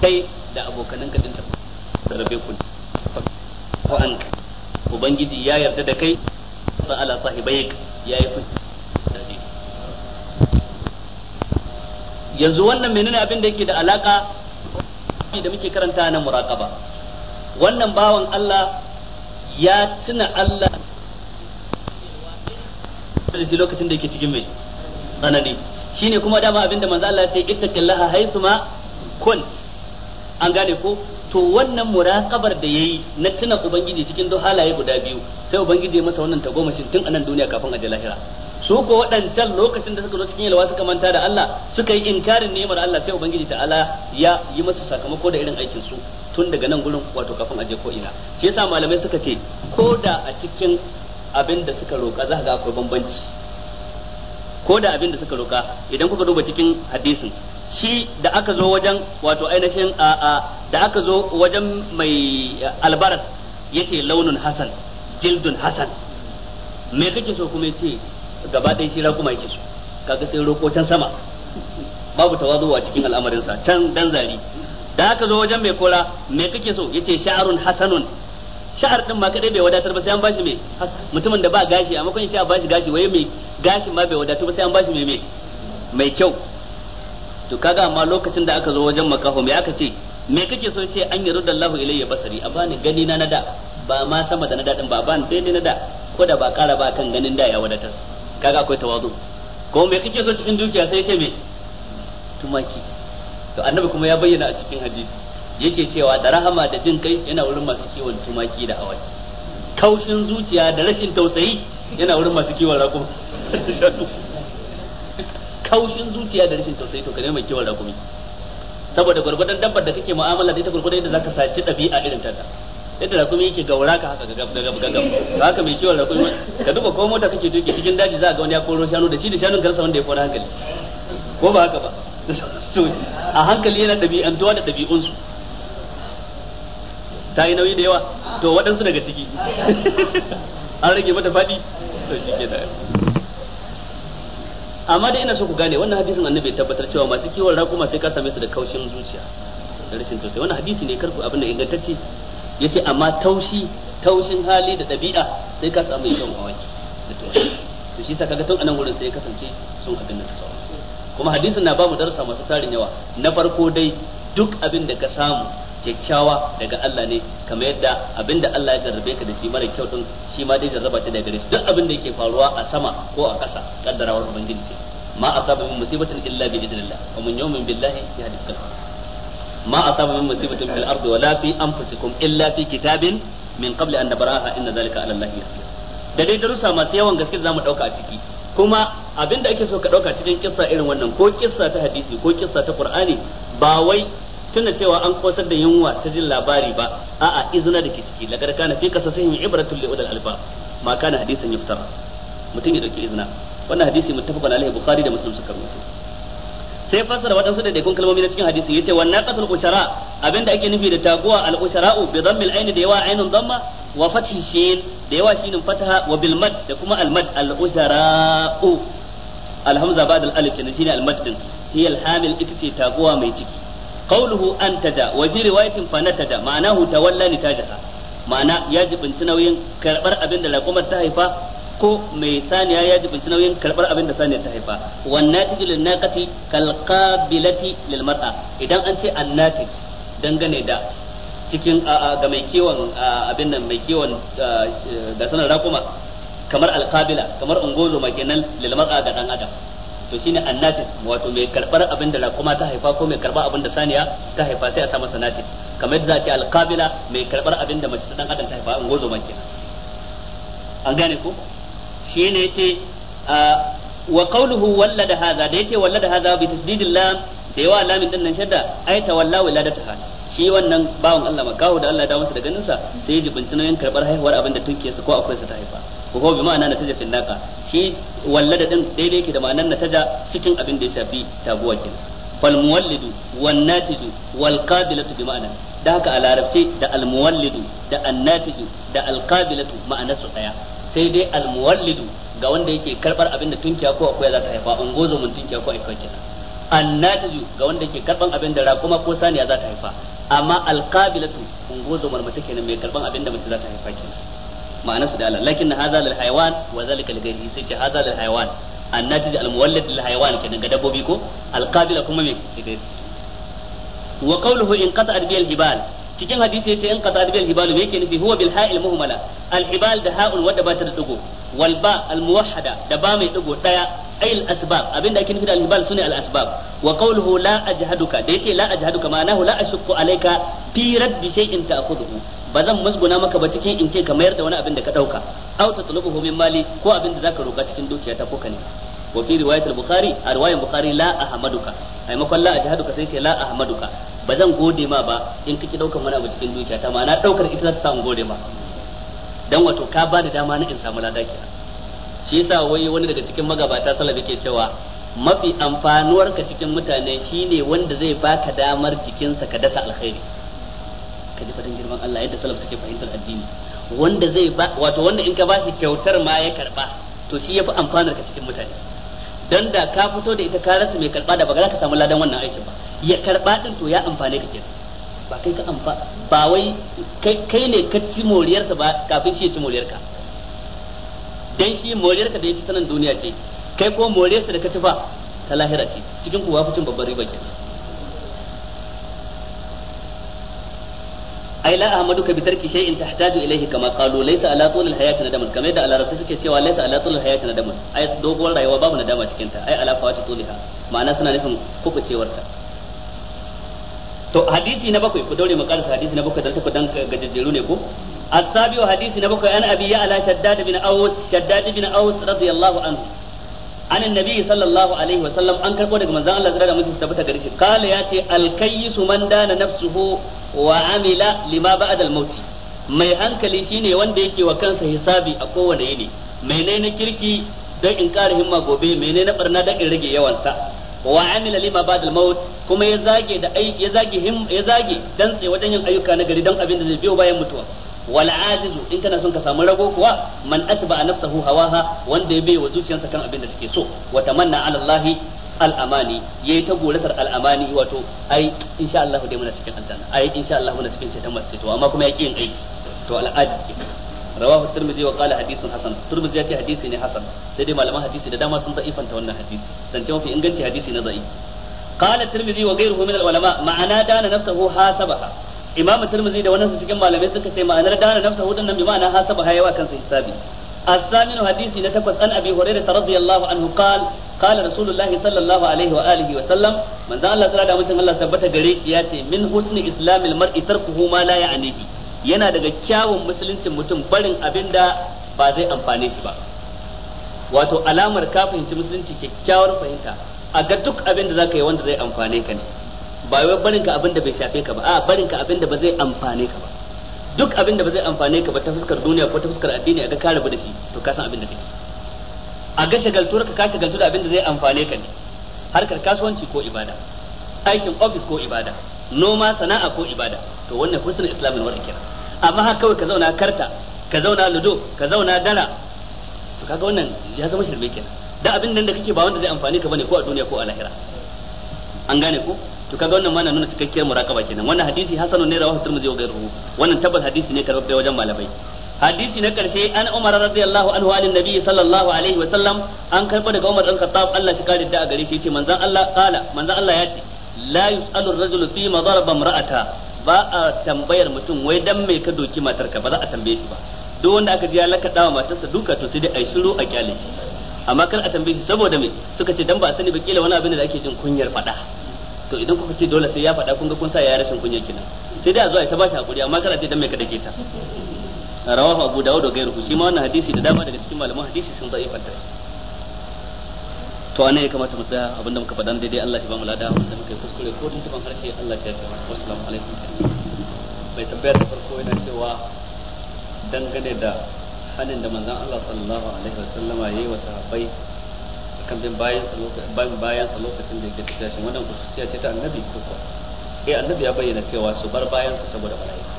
kai da abokanan ka din ta rabe ku ko an ka ubangiji ya yarda da kai fa ala sahibai ya yi fushi yanzu wannan menene abin da yake da alaka da muke karanta na muraqaba wannan bawan Allah ya tuna Allah da shi lokacin da yake cikin mai tsanani shine kuma dama abinda manzo Allah ya ce ittaqillaha haythuma kunt an gane ko to wannan muraqabar da yayi na tuna ubangiji cikin duk halaye guda biyu sai ubangiji ya masa wannan tagomashin tun anan duniya kafin aje lahira su ko waɗancan lokacin da suka zo cikin yalwa suka manta da Allah suka yi inkarin ni'imar Allah sai ubangiji ta'ala ya yi masa sakamako da irin aikin su tun daga nan gurin wato kafin aje ko ina shi yasa malamai suka ce ko da a cikin abinda da suka roƙa za ga akwai bambanci ko da abin da suka roka idan kuka duba cikin hadisin shi da aka zo wajen wato ainihin a a da aka zo wajen mai albaras yake launin hasan jildun hasan me kake so kuma yace gaba ɗaya shi kuma yake so kaga sai roko can sama babu tawazu a cikin al'amarin sa can dan zari da aka zo wajen mai kora me kake so yace sha'arun hasanun sha'ar din ma kadai bai wadatar ba sai an bashi mai mutumin da ba gashi amma kun ce a bashi gashi waye mai gashin ma bai wadatu ba sai an bashi mai mai kyau to kaga amma lokacin da aka zo wajen makaho me aka ce me kake so ce an yi rudallahu ilayya basari a bani gani na nada ba ma sama da na din ba ban daidai na da ko da ba kara ba kan ganin da ya wadatar kaga akwai tawazu ko me kake so cikin dukiya sai ce me tumaki to annabi kuma ya bayyana a cikin hadisi yake cewa da rahama da jin kai yana wurin masu kiwon tumaki da awaki kaushin zuciya da rashin tausayi yana wurin masu kiwon rakuma kaushin zuciya da rashin tausayi to ka nema kiwon rakumi saboda gwargwadon dabbar da kake mu'amala da ita gwargwadon yadda zaka saci ɗabi'a irin tata yadda rakumi yake gaura ka haka gagab gagab gagab to haka mai kiwon rakumi ka duba ko mota kake tuki cikin daji za a ga wani ya koro shanu da shi da shanun garsa wanda ya koro hankali ko ba haka ba to a hankali yana ɗabi'antuwa da ɗabi'unsu ta yi nauyi da yawa to waɗansu daga ciki an rage mata faɗi to shi ke da amma dai ina so ku gane wannan hadisin annabi tabbatar cewa masu kiwon rakuma sai ka same su da kaushin zuciya da rashin tausayi wannan hadisi ne karku abin da ingantacce yace amma taushi taushin hali da dabi'a sai ka samu yawan awaki da tausayi to shi yasa kaga tun anan wurin sai ya kasance sun abin da sauran kuma hadisin na bamu darasa masu tarin yawa na farko dai duk abin da ka samu kyakkyawa daga Allah ne kamar yadda abinda Allah ya jarrabe ka da shi mara kyau din shi ma dai jarraba ta daga shi duk abin da yake faruwa a sama ko a ƙasa kaddarawar ubangiji ce ma asaba min musibatin illa bi idnillah wa min yawmin billahi yahdil qalb ma asaba min musibatin fil ardi wa la fi anfusikum illa fi kitabin min qabli an nabraha inna zalika ala allahi yasir da dai darussa masu yawan gaske zamu dauka a ciki kuma abinda ake so ka dauka cikin kissa irin wannan ko kissa ta hadisi ko kissa ta qur'ani ba wai tunda cewa an kosar da yunwa ta jin labari ba a'a izina da ke ciki lagar kana fi kasasihim ibratul li ulal alba ma kana hadisin yuftara mutum ya dauki izina wannan hadisi muttafaqan alaihi bukhari da muslim suka rubuta sai fassara waɗansu da dekun kalmomi na cikin hadisi yace wa naqatul ushara abinda ake nufi da taguwa al ushara'u bi dhammil ayn da yawa aynun dhamma wa fathi shin da yawa shinin fataha wa bil mad da kuma al mad al ushara'u al hamza ba'da al alif shi shine al mad din hiya al hamil ita ce taguwa mai ciki قوله antaja wa fi riwayatin fanataja ma'anahu tawalla nitajaha ma'ana ya jibinci nauyin karbar abin da laqumar ta haifa ko mai saniya ya jibinci nauyin karbar abin da saniya ta haifa wannan tijil cikin ga mai kiwon abin nan mai kiwon da sanar rakuma kamar alkabila kamar ungozo makinan lil ga dan adam to shine annatis wato mai karbar abin da raƙuma ta haifa ko mai karbar abin da saniya ta haifa sai a sa masa natis kamar yadda za a ce alqabila mai karbar abin da mace ta dan adam ta haifa an gozo man kenan an gane ko shine yace wa qawluhu wallada hadha da yace wallada hadha bi tasdidil lam da yawa lamin din nan shadda ai tawalla wiladataha shi wannan bawan Allah makahu da Allah ya dawo masa da ganinsa sai ya jibinci karbar haihuwar abin da su ko akwai su ta haifa wa huwa bi ma'ana nataja fil naqa shi wallada din daidai yake da ma'anar taja cikin abin da ya shafi taguwa kenan fal muwallidu wan natiju wal qabilatu bi ma'ana da haka a larabce da al muwallidu da an natiju da al qabilatu ma'anar su daya sai dai al muwallidu ga wanda yake karbar abin da tunkiya ko akwai za ta haifa ungozo mun tunkiya ko akwai kenan an natiju ga wanda yake karban abin da raƙuma ko saniya za ta haifa amma al qabilatu ungozo mace kenan mai karban abin da mace za ta haifa kenan ma'ana su da Allah lakin hadha lil hayawan wa zalika li ghayrihi sai ce hadha lil hayawan annatij al muwallad lil hayawan kenan ga dabbobi ko al qabila kuma me wa qawluhu in qata'at bi al jibal cikin hadisi yace in qata'at bi al jibal me yake nufi huwa bil ha'il muhmala al jibal da ha'ul wadda ba ta da dugo wal ba al muwahhada da ba mai dugo daya ay al asbab abinda ake nufi da al jibal sune al asbab wa qawluhu la ajhaduka da yace la ajhaduka ma'anahu la ashqu alayka fi raddi shay'in ta'khudhu ba zan musguna maka ba cikin in ce ka mayar da wani abin da ka dauka aw tulubu min mali ko abin da zaka roka cikin dukiyata ko kuka ne wa fi riwayat al-bukhari a riwayat bukhari la ahmaduka ai makon la ajhaduka sai ce la ahmaduka ba zan gode ma ba in kike daukan wani abu cikin ta ma na daukar ita za ta samu gode ma dan wato ka ba da dama na in samu lada shi yasa wai wani daga cikin magabata salabi ke cewa mafi amfanuwarka cikin mutane shine wanda zai baka damar jikinsa ka dasa alkhairi ka ji fadin girman Allah yadda salaf suke fahimtar addini wanda zai ba wato wanda in ka ba shi kyautar ma ya karba to shi yafi amfanar ka cikin mutane dan da ka fito da ita ka rasa mai karba da ba za ka samu ladan wannan aikin ba ya karba din to ya amfane ka kenan ba kai ka amfa ba wai kai ne ka ci moriyarsa ba kafin shi ya ci moriyarka dan shi moriyarka da yake sanan duniya ce kai ko moriyarsa da ka ci ba ta lahira ce cikin kuwa fi cin babbar riba kenan ai la ahmadu ka bitarki shay in tahtaju ilayhi kama qalu laysa ala tulil hayati nadamun kamar da alarabu suke cewa laysa ala tulil hayati nadamun ai doguwar rayuwa babu nadama cikin ta ai ala fawati tuliha ma'ana suna nufin kuku ta to hadisi na bakwai ku daure makaris hadisi na bakwai zalta ku dan gajejjeru ne ko as-sabiu hadisi na bakwai an abi ya ala shaddad bin aus shaddad bin aus radiyallahu anhu an annabi sallallahu alaihi wa sallam an karbo daga manzon Allah zira da mutunta tabbata gari shi kala yace al-kayyisu man dana nafsuhu wa amila lima ba'da al-maut mai hankali shine wanda yake wa kansa hisabi a kowane yini mene na kirki don in ƙara himma gobe mene na barna don in rage yawansa wa amila lima ba'da al-maut kuma ya zage da ya zage him ya zage dan tsaye wajen yin ayyuka na gari don abin da zai biyo bayan mutuwa wal in kana son ka samu rago kuwa man atba nafsahu hawaha wanda ya bai wa zuciyarsa kan abin da take so wa tamanna ala Allah al'amani ya yi ta guratar al'amani wato ai insha Allah dai muna cikin aljanna ai insha Allah muna cikin ceton masu ceto amma kuma yake yin aiki to al'adi rawahu tirmidhi wa qala hadithun hasan tirmidhi ya ce hadisi ne hasan sai dai malaman hadisi da dama sun da'ifanta wannan hadisi dan ce mafi inganci hadisi na da'i qala tirmidhi wa ghayruhu min al-ulama ma'ana dana nafsuhu hasabaha imamu tirmidhi da wannan cikin malamai suka ce ma'anar dana nafsuhu din nan bi ma'ana hasabaha yawa kansa hisabi الثامن حديث نتكوز عن أبي هريرة رضي الله عنه قال قال رسول الله صلى الله عليه وآله وسلم من ذا الله تعالى مثل الله ثبت غريك ياتي من حسن إسلام المرء تركه ما لا يعنيه yana daga kyawun musuluncin mutum barin abin da ba zai amfane shi ba wato alamar ka fahimci musulunci kyakkyawar fahimta a ga duk abin da zaka yi wanda zai amfane ka ne ba wai barin ka abin da bai shafe ka ba a barin ka abin da ba zai amfane ka ba duk abin da ba zai amfane ka ba ta fuskar duniya ko ta fuskar addini a ga ka rabu da shi to ka san abin da kake a ga shagaltuwar ka ka shagaltu da abin da zai amfane ka ne harkar kasuwanci ko ibada aikin office ko ibada noma sana'a ko ibada to wannan kusurin islamin wal ikram amma haka kawai ka zauna karta ka zauna ludo ka zauna dala to kaga wannan ya zama shirme kenan da abin nan da kake ba wanda zai amfane ka bane ko a duniya ko a lahira an gane ko to kaga wannan mana nuna cikakkiyar muraqaba kenan wannan hadisi hasanun ne rawahu tirmidhi wa ghayruhu wannan tabbas hadisi ne karbe wajen malamai hadisi na karshe an Umar radiyallahu anhu alin nabi sallallahu alaihi wa sallam an karba daga Umar dan Khattab Allah shi kare da a gare shi yace manzon Allah kala manzon Allah ya ce la yusalu ar-rajulu fi ma daraba imra'ata ba a tambayar mutum wai dan me ka doki matarka ba za a tambaye shi ba duk wanda aka jiya laka lakaɗa matarsa duka to sai dai ai shiru a kyale shi amma kar a tambaye shi saboda me suka ce dan ba sani ba kila wani abin da ake jin kunyar fada to idan kuka ce dole sai ya faɗa kun ga kun sa ya rashin kunya kina sai dai a zo a ta bashi hakuri amma kada ce dan mai ka dake ta rawahu abu dawud da gairuhu shi ma wannan hadisi da dama daga cikin malaman hadisi sun zai fatta to anan ya kamata mu tsaya abinda muka faɗa dai dai Allah shi ba mu lada wanda muka yi kuskure ko tun tuban harshe Allah shi ya kama assalamu alaikum bai tambayar da farko yana cewa dangane da hanin da manzon Allah sallallahu alaihi wasallama yayi wa sahabbai akan bin bayan sa lokacin bayan sa lokacin da yake tafiya shin wannan kusuciya ce ta annabi ko ko eh annabi ya bayyana cewa su bar bayan sa saboda mala'ika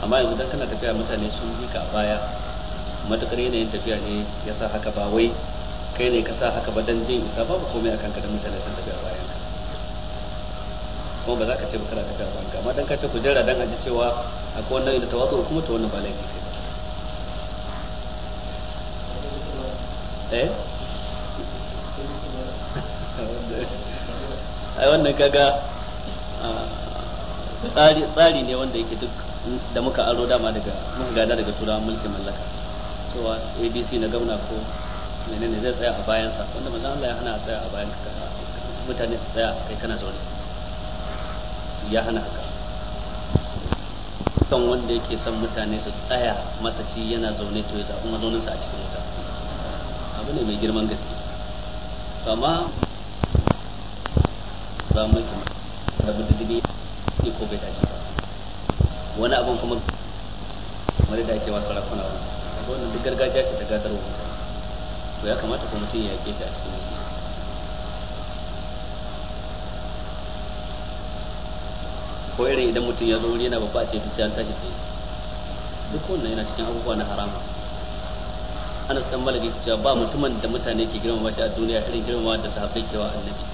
amma yanzu dan kana tafiya mutane sun bi ka baya matakar yanayin tafiya ne ya sa haka ba wai kai ne ka sa haka ba dan jin isa babu komai akan ka da mutane sun tafiya bayan ka ko ba za ka ce ba kana tafiya bayan ka amma dan ka ce ku jira dan aji cewa akwai wannan da tawazu kuma to wannan ba laifi eh ai wannan kaga ah, tsari ne wanda yake duk da muka aro dama daga muka gada daga turawan mulkin mallaka cewa abc na gwamna ko menene zai tsaya a bayansa wanda manzo Allah ya hana a tsaya a bayan ka mutane su tsaya kai kana zaune ya hana haka kan wanda yake son mutane su tsaya masa shi yana zaune to ya zaɓi mazauninsa a cikin wuta abu ne mai girman gaske amma ba mulkin da dubi ne ko bai tashi ba wani abin kuma kamar da ake wasu wani wannan duk gargajiya ce ta gadar to ya kamata mutum ya yake ta a cikin ko irin idan mutum ya zo wuri yana babba a ce ta an duk wannan yana cikin abubuwa na cewa ba mutumin da mutane ke girmama shi a duniya irin girmama da sahabbai ke annabi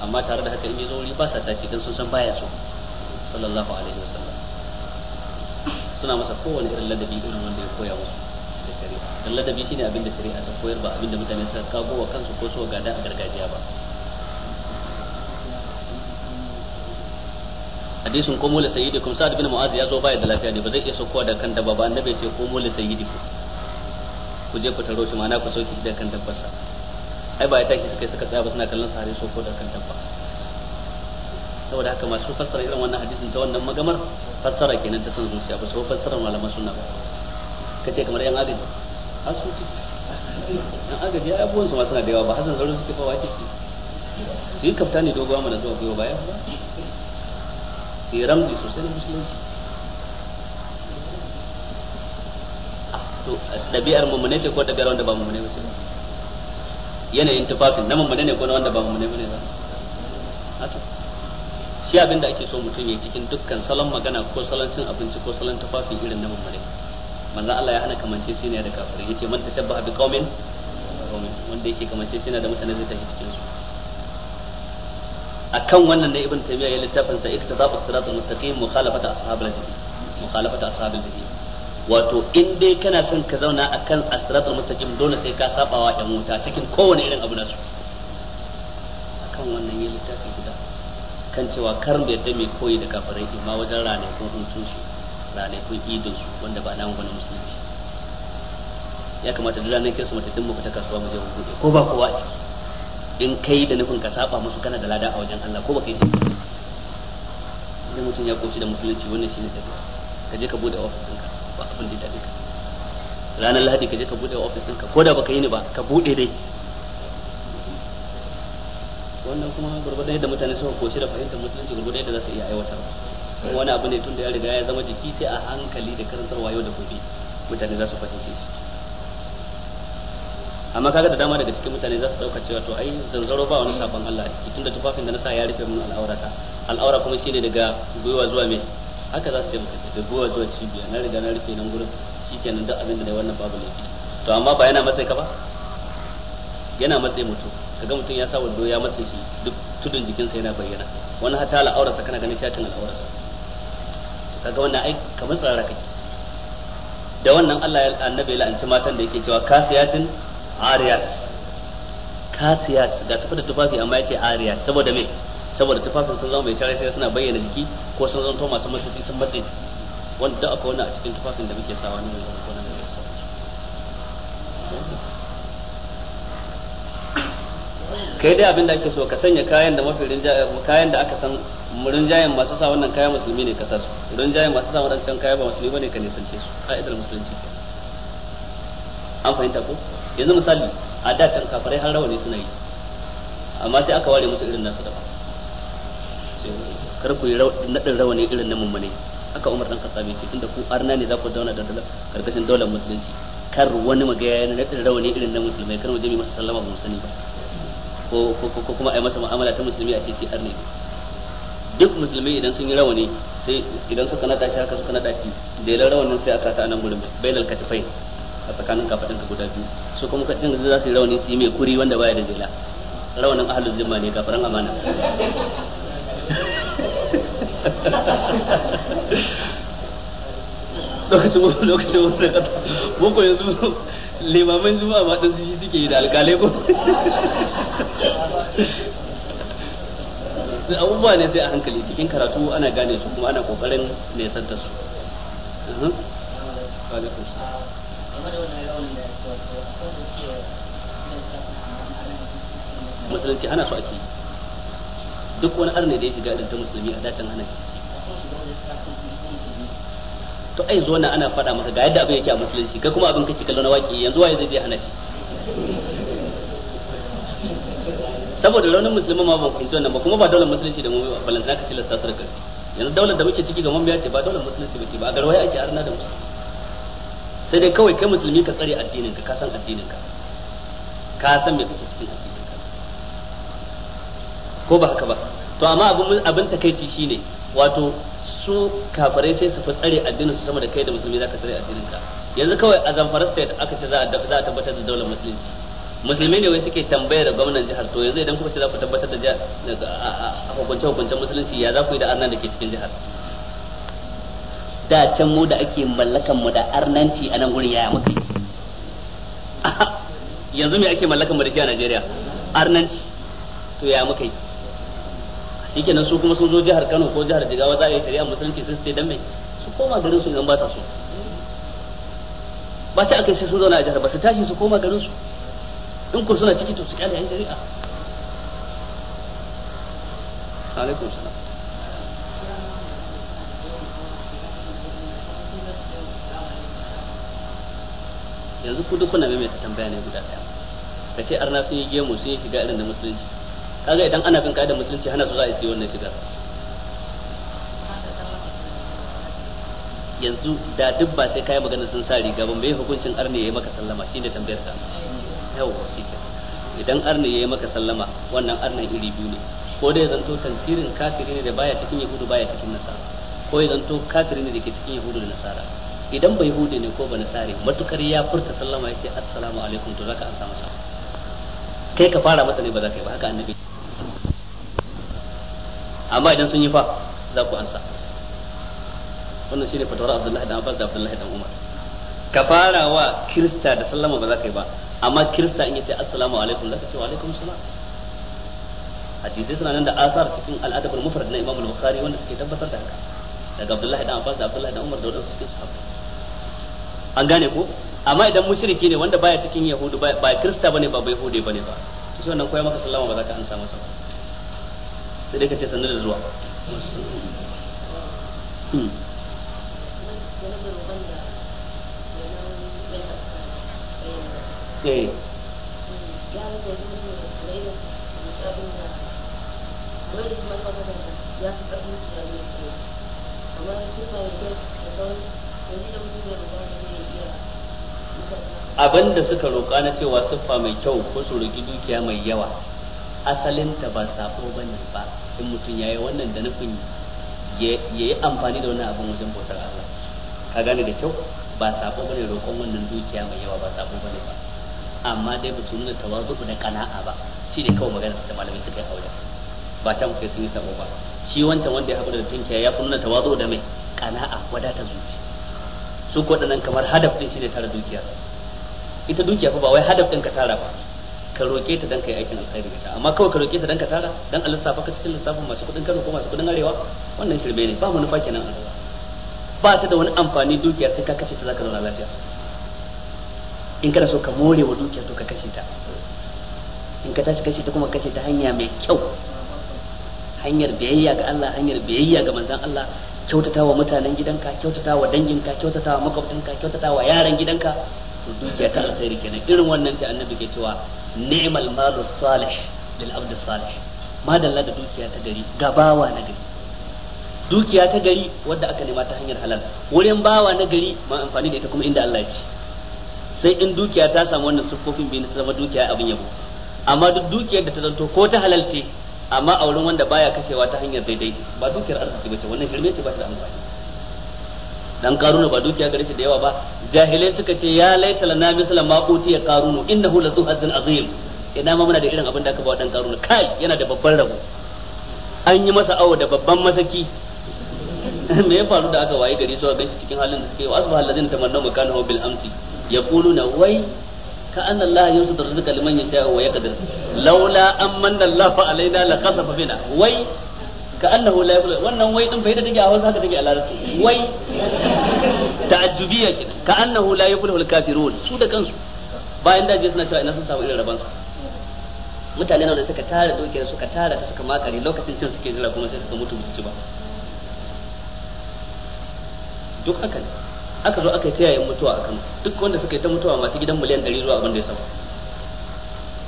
amma tare da haka in yazo wuri ba sa tashi dan sun san baya so sallallahu alaihi wasallam suna masa kowane irin ladabi irin wanda ya koya musu da shari'a dan ladabi shine abin da shari'a ta koyar ba abin da mutane suka kago wa kansu ko su gada a gargajiya ba hadisin ko mula sayyidikum sa'ad bin mu'adh ya zo baya da lafiya ne ba zai iya saukowa da kan dabba ba annabi ya ce ko mula sayyidikum ku je ku taro shi ma'ana ku sauki da kan dabbarsa ai ba ya tashi suka suka tsaya ba suna kallon sare so ko da kan tabba saboda haka masu fassara irin wannan hadisin ta wannan magamar fassara kenan ta san zuciya ba so fassara malaman sunna ba kace kamar yan agaji asuci yan agaji ai abubuwan su ma suna da yawa ba hasan zaru suke fa wace ce su yi kaftani ne dogowa mana zuwa gwiwa baya su yi ramzi sosai na musulunci ah, to ɗabi'ar mummune ce ko ɗabi'ar wanda ba mummune ba ce ba yanayin tufafin na mummune ne ko na wanda ba mummune bane ba haka shi abin da ake so mutum ya cikin dukkan salon magana ko salon cin abinci ko salon tufafi irin na mummune manzo Allah ya hana kamance shi ne da kafirai yace man tashabbaha bi qaumin wanda yake kamance shi ne da mutane da take cikin su akan wannan ne ibn taymiya ya littafin sa iktidabu siratal mustaqim mukhalafata ashabil jahil mukhalafata ashabil jahil wato in dai kana son ka zauna a kan asratul mustaqim dole sai ka sabawa yan wuta cikin kowane irin abu nasu akan wannan yin littafi guda kan cewa karin da yadda mai koyi da kafirai ma wajen ranakun hutun su ranakun idin su wanda ba namun wani musulunci ya kamata da ranar kirsu mata dimma ta kasuwa mu je mu bude ko ba kowa a ciki in kai da nufin ka saba musu kana da lada a wajen Allah ko ba kai idan mutum ya koci da musulunci wannan shine tafiya ka je ka bude ofis ɗinka ba abin da ya ka ranar lahadi ka je ka bude ofis ɗinka ko da baka yi ni ba ka bude dai wannan kuma gurbata yadda mutane suka koshi da fahimtar musulunci gurbata yadda za su iya aiwatar wani abu ne tun da ya riga ya zama jiki sai a hankali da karantarwa yau da gobe mutane za su fahimce shi amma kaga da dama daga cikin mutane za su dauka cewa to ai zanzaro ba wani sabon Allah a ciki tunda tufafin da na sa ya rufe mun al'aurata al'aura kuma shine daga gwiwa zuwa me haka za su yi je da zuwa zuwa cibiya na riga na rike nan gurin shikenan duk abin da dai wannan babu laifi to amma ba yana matsayi ka ba yana matsayi mutum kaga mutum ya sa wando ya matsayi shi duk tudun jikinsa yana bayyana wani hata al'aurarsa kana ganin shatin al'aurarsa kaga wannan ai kamar tsara kai da wannan Allah ya annabi ya la'anci matan da yake cewa kasiyatin ariyat kasiyat ga sifar da tufafi amma yace ariyat saboda me saboda tufafin sun zama mai share sai suna bayyana jiki ko sun zanto masu matsayi sun matsayi jiki wanda aka wani a cikin tufafin da muke sawa ne ko nan da sawa kai dai abin da ake so ka sanya kayan da mafi kayan da aka san rinjayen masu sa wannan kayan musulmi ne ka sa su rinjayen masu sa wadancan kayan ba musulmi bane ka nisance su ka'idar musulunci an fahimta ko yanzu misali a da can kafirai har rawani suna yi amma sai aka ware musu irin nasu daban kar ku yi nadin rawani irin na mummune aka Umar dan Khattab ce tunda ku arna ne za ku zauna da dole karkashin daular musulunci kar wani magaya na nadin rawani irin na musulmai kar mu je masa sallama ba musulmi ba ko ko kuma ai masa mu'amala ta musulmi a ce ce arne duk musulmi idan sun yi rawani sai idan suka nada shi haka suka nada shi da yalan rawanin sai aka sa nan gurin bainal katifai a tsakanin kafadin ka guda biyu su kuma kacin da za su yi rawani su yi mai kuri wanda baya da jela rawanin ahlul zimma ne kafaran amana lokacin wani lokacin wani kasa boko yanzu limaman juma'a ma ɗan shi suke yi da alkalai ko abubuwa ne sai a hankali cikin karatu ana gane su kuma ana kokarin nesan santa su musulunci ana su ake yi duk wani arne da ya shiga irin ta musulmi a dacin hana to ai zo na ana faɗa masa ga yadda abin yake a musulunci kai kuma abin kake kallon waki yanzu waye zai je hana saboda launin musulmi ma ban fahimci wannan ba kuma ba daular musulunci da mu ba balantana ka tilasta su da yanzu daular da muke ciki ga mambiya ce ba daular musulunci ce ba a garwaya ake arna da musulmi sai dai kawai kai musulmi ka tsare addinin ka ka san addinin ka ka san me kake cikin addini ko ba haka ba to amma abin abin takeici shine wato su kafirai sai su fi addinin su sama da kai da musulmi zaka tsare addinin ka yanzu kawai a Zamfara state aka ce za a za a tabbatar da daular musulunci musulmi ne wai suke tambayar gwamnan jihar to yanzu idan kuka ce za ku tabbatar da a hukunce hukuncen musulunci ya za ku yi da arnan da ke cikin jihar da can mu da ake mallakan mu da arnanci a nan gurin yaya muka yanzu me ake mallakan mu da shi a Najeriya arnanci to yaya muka yi shikenan su kuma sun zo jihar Kano ko jihar Jigawa za a yi shari'a musulunci sun ce dan me su koma garin su idan ba sa so ba ta akai sai sun zauna a jihar ba su tashi su koma garin su in kun suna ciki to su kyale yan shari'a alaikum salam yanzu kudu kuna mai mai tambaya ne guda ɗaya kace arna sun yi gemu sun yi shiga irin da musulunci kaga idan ana bin kaidar musulunci hana su za a yi wannan shiga yanzu da duk ba sai kai magana sun sa riga ba mai hukuncin arne yayi maka sallama shine tambayar ka yawa shike idan arne yayi maka sallama wannan arnan iri biyu ne ko dai zanto tantirin kafiri ne da baya cikin yahudu baya cikin nasara ko ya zanto kafiri ne da ke cikin yahudu da nasara idan bai hude ne ko ba sare matukar ya furta sallama yake assalamu alaikum to zaka an samu sa kai ka fara masa ne ba za ka yi ba haka annabi amma idan sun yi fa za ku ansa wannan shine fatawar Abdullahi dan Abbas da Abdullahi dan Umar ka fara wa kirista da sallama ba za ka yi ba amma kirista in yace assalamu alaikum zaka ce wa alaikum salam hadisi suna nan da asar cikin al'adab al-mufrad na Imam al-Bukhari wanda suke tabbatar da haka daga Abdullahi dan Abbas da Abdullahi dan Umar da wadansu cikin sahabbai an gane ko amma idan mushriki ne wanda baya cikin yahudu ba kirista bane ba bai hude bane ba shi wannan koya maka sallama ba za ka ansa masa ba sai dai ka ce sannu da zuwa hmm. eh kamar da da ya da iya abinda suka roƙa na cewa siffa mai kyau ko su roƙi dukiya mai yawa asalinta ba ba ne ba in mutum yi wannan da nufin ya yi amfani da wannan abin wajen bautar Allah ka gane da kyau ba ba bane roƙon wannan dukiya mai yawa ba ba bane ba amma dai ba su nuna tawazu da kana'a ba shi ne kawai magana da malamai suka yi aure ba ta muke sun yi sako ba shi wancan wanda ya haɓu da tunkiya ya fi nuna tawazu da mai kana'a wadatar zuci duk waɗannan kamar hadaf din ne tara dukiya ita dukiya fa ba wai hadaf din ka tara ba ka roƙe ta dan kai aikin alkhairi ta amma kawai ka roƙe ta dan ka tara dan Allah safa ka cikin lissafin masu kuɗin Kano ko masu kuɗin Arewa wannan shirme ne ba fa kenan Allah ba ta da wani amfani dukiya sai ka kace ta zaka zauna lafiya in kana so ka more wa dukiya to ka kace ta in ka tashi kace ta kuma kace ta hanya mai kyau hanyar biyayya ga Allah hanyar biyayya ga manzon Allah kyautata wa mutanen gidanka kyautata wa danginka kyautata wa makwabtanka kyautata wa yaran gidanka to dukiya ta alkhairi kenan irin wannan ta annabi ke cewa ni'mal malu salih lil abd salih madalla da dukiya ta gari ga bawa na gari dukiya ta gari wadda aka nema ta hanyar halal wurin bawa na gari ma amfani da ita kuma inda Allah ya ce sai in dukiya ta samu wannan siffofin bin ta zama dukiya abin yabo amma duk dukiyar da ta zanto ko ta halal ce amma a wurin wanda baya kashewa ta hanyar daidai ba dukiyar arziki bace wannan shirme ce ba ta da amfani dan karuna ba dukiya gare shi da yawa ba jahilai suka ce ya laita lana misla ma ya karuna innahu la hazin azim idan ma muna da irin abin da aka ba dan karuna kai yana da babban rabo an yi masa awo da babban masaki me ya faru da aka waye gari so ga cikin halin da suke wa asbahal ladina tamannaw makanahu bil amsi yaquluna wai كأن الله يوسف الرزق لمن يشاء ويقدر لولا من الله فعلينا لخسف بنا وي كأنه لا wannan wai din faida take a wasu take a larabci wai ta'ajjubiyya la yuflihul kafirun su da kansu bayan da je suna cewa ina mutane na da suka tara suka tara ta suka makare lokacin cin suke jira kuma sai suka mutu su ci ba duk haka aka zo aka yi tayayen mutuwa a Kano duk wanda suka yi ta mutuwa masu gidan miliyan ɗari zuwa abin da ya sama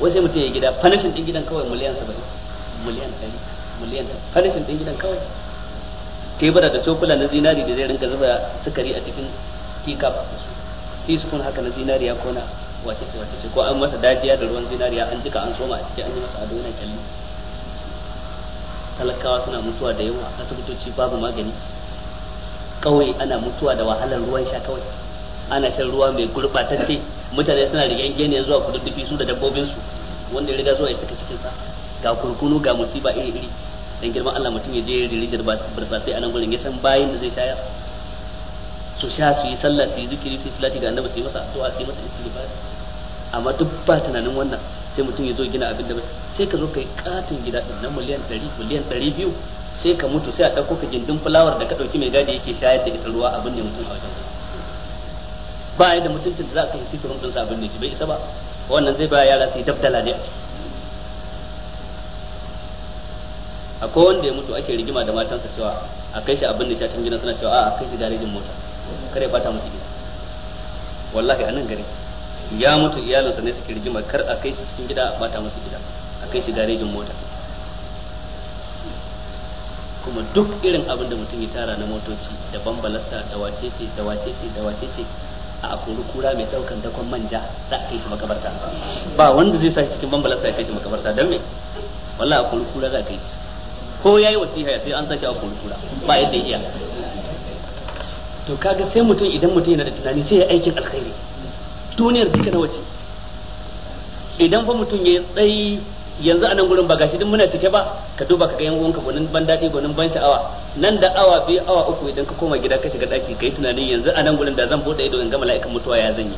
wai sai mutum ya gida fanishin ɗin gidan kawai miliyan 70 miliyan 100 miliyan fanishin ɗin gidan kawai tebura da cokula na zinari da zai rinka zuba sukari a cikin su teaspoon haka na zinariya ya kona wace ce wace ce ko an masa dajiya da ruwan zinariya an jika an soma a ciki an yi masa ado yana kyalli talakawa suna mutuwa da yawa asibitoci babu magani kawai ana mutuwa da wahalar ruwan sha kawai ana shan ruwa mai gurbatacce mutane suna rigengene zuwa kududdufi su da dabbobin su wanda ya riga zuwa ya cika cikin sa ga kurkunu ga musiba iri iri dan girman Allah mutum ya je rijiyar barzatsai a nan gurin ya san bayin da zai shayar su sha su yi sallah su yi zikiri su yi salati ga annabi su yi masa addu'a su yi masa istighfar amma duk ba tunanin wannan sai mutum ya zo gina abin da sai ka zo kai katin gida din na miliyan 100 miliyan 200 sai ka mutu sai a ɗauko ka gindin fulawar da ka ɗauki mai gadi yake shayar da ita ruwa abin da mutum a wajen ba yi da mutuncin da za ka kai fitirin ɗin sa abin da shi bai isa ba wannan zai ba yara su yi dabdala ne a ciki akwai wanda ya mutu ake rigima da matansa cewa a kai shi abin da shi a can gidan suna cewa a kai shi garejin mota kare bata musu gida wallahi a nan gari ya mutu iyalinsa ne suke rigima kar a kai shi cikin gida bata musu gida a kai shi garejin mota kuma duk irin abin da mutum ya tara na motoci da bambalasta da wacece da wacece da wacece a akwai kura mai daukan dakon manja za a kai shi makabarta ba wanda zai sa shi cikin bambalasta ya kai shi makabarta don me a akuri kura za a kai shi ko yayi wasiha sai an sa shi akuri kura ba yadda iya to kaga sai mutum idan mutum yana da tunani sai ya aikin alkhairi duniyar duka na wace idan fa mutum ya tsayi yanzu a nan gurin ba gashi duk muna cike ba ka duba ka ga yan uwanka gonin ban daɗi gonin ban sha'awa nan da awa biyu awa uku idan ka koma gida ka shiga daki kai tunanin yanzu a nan gurin da zan buɗe ido in ga mala'ikan mutuwa ya zanyi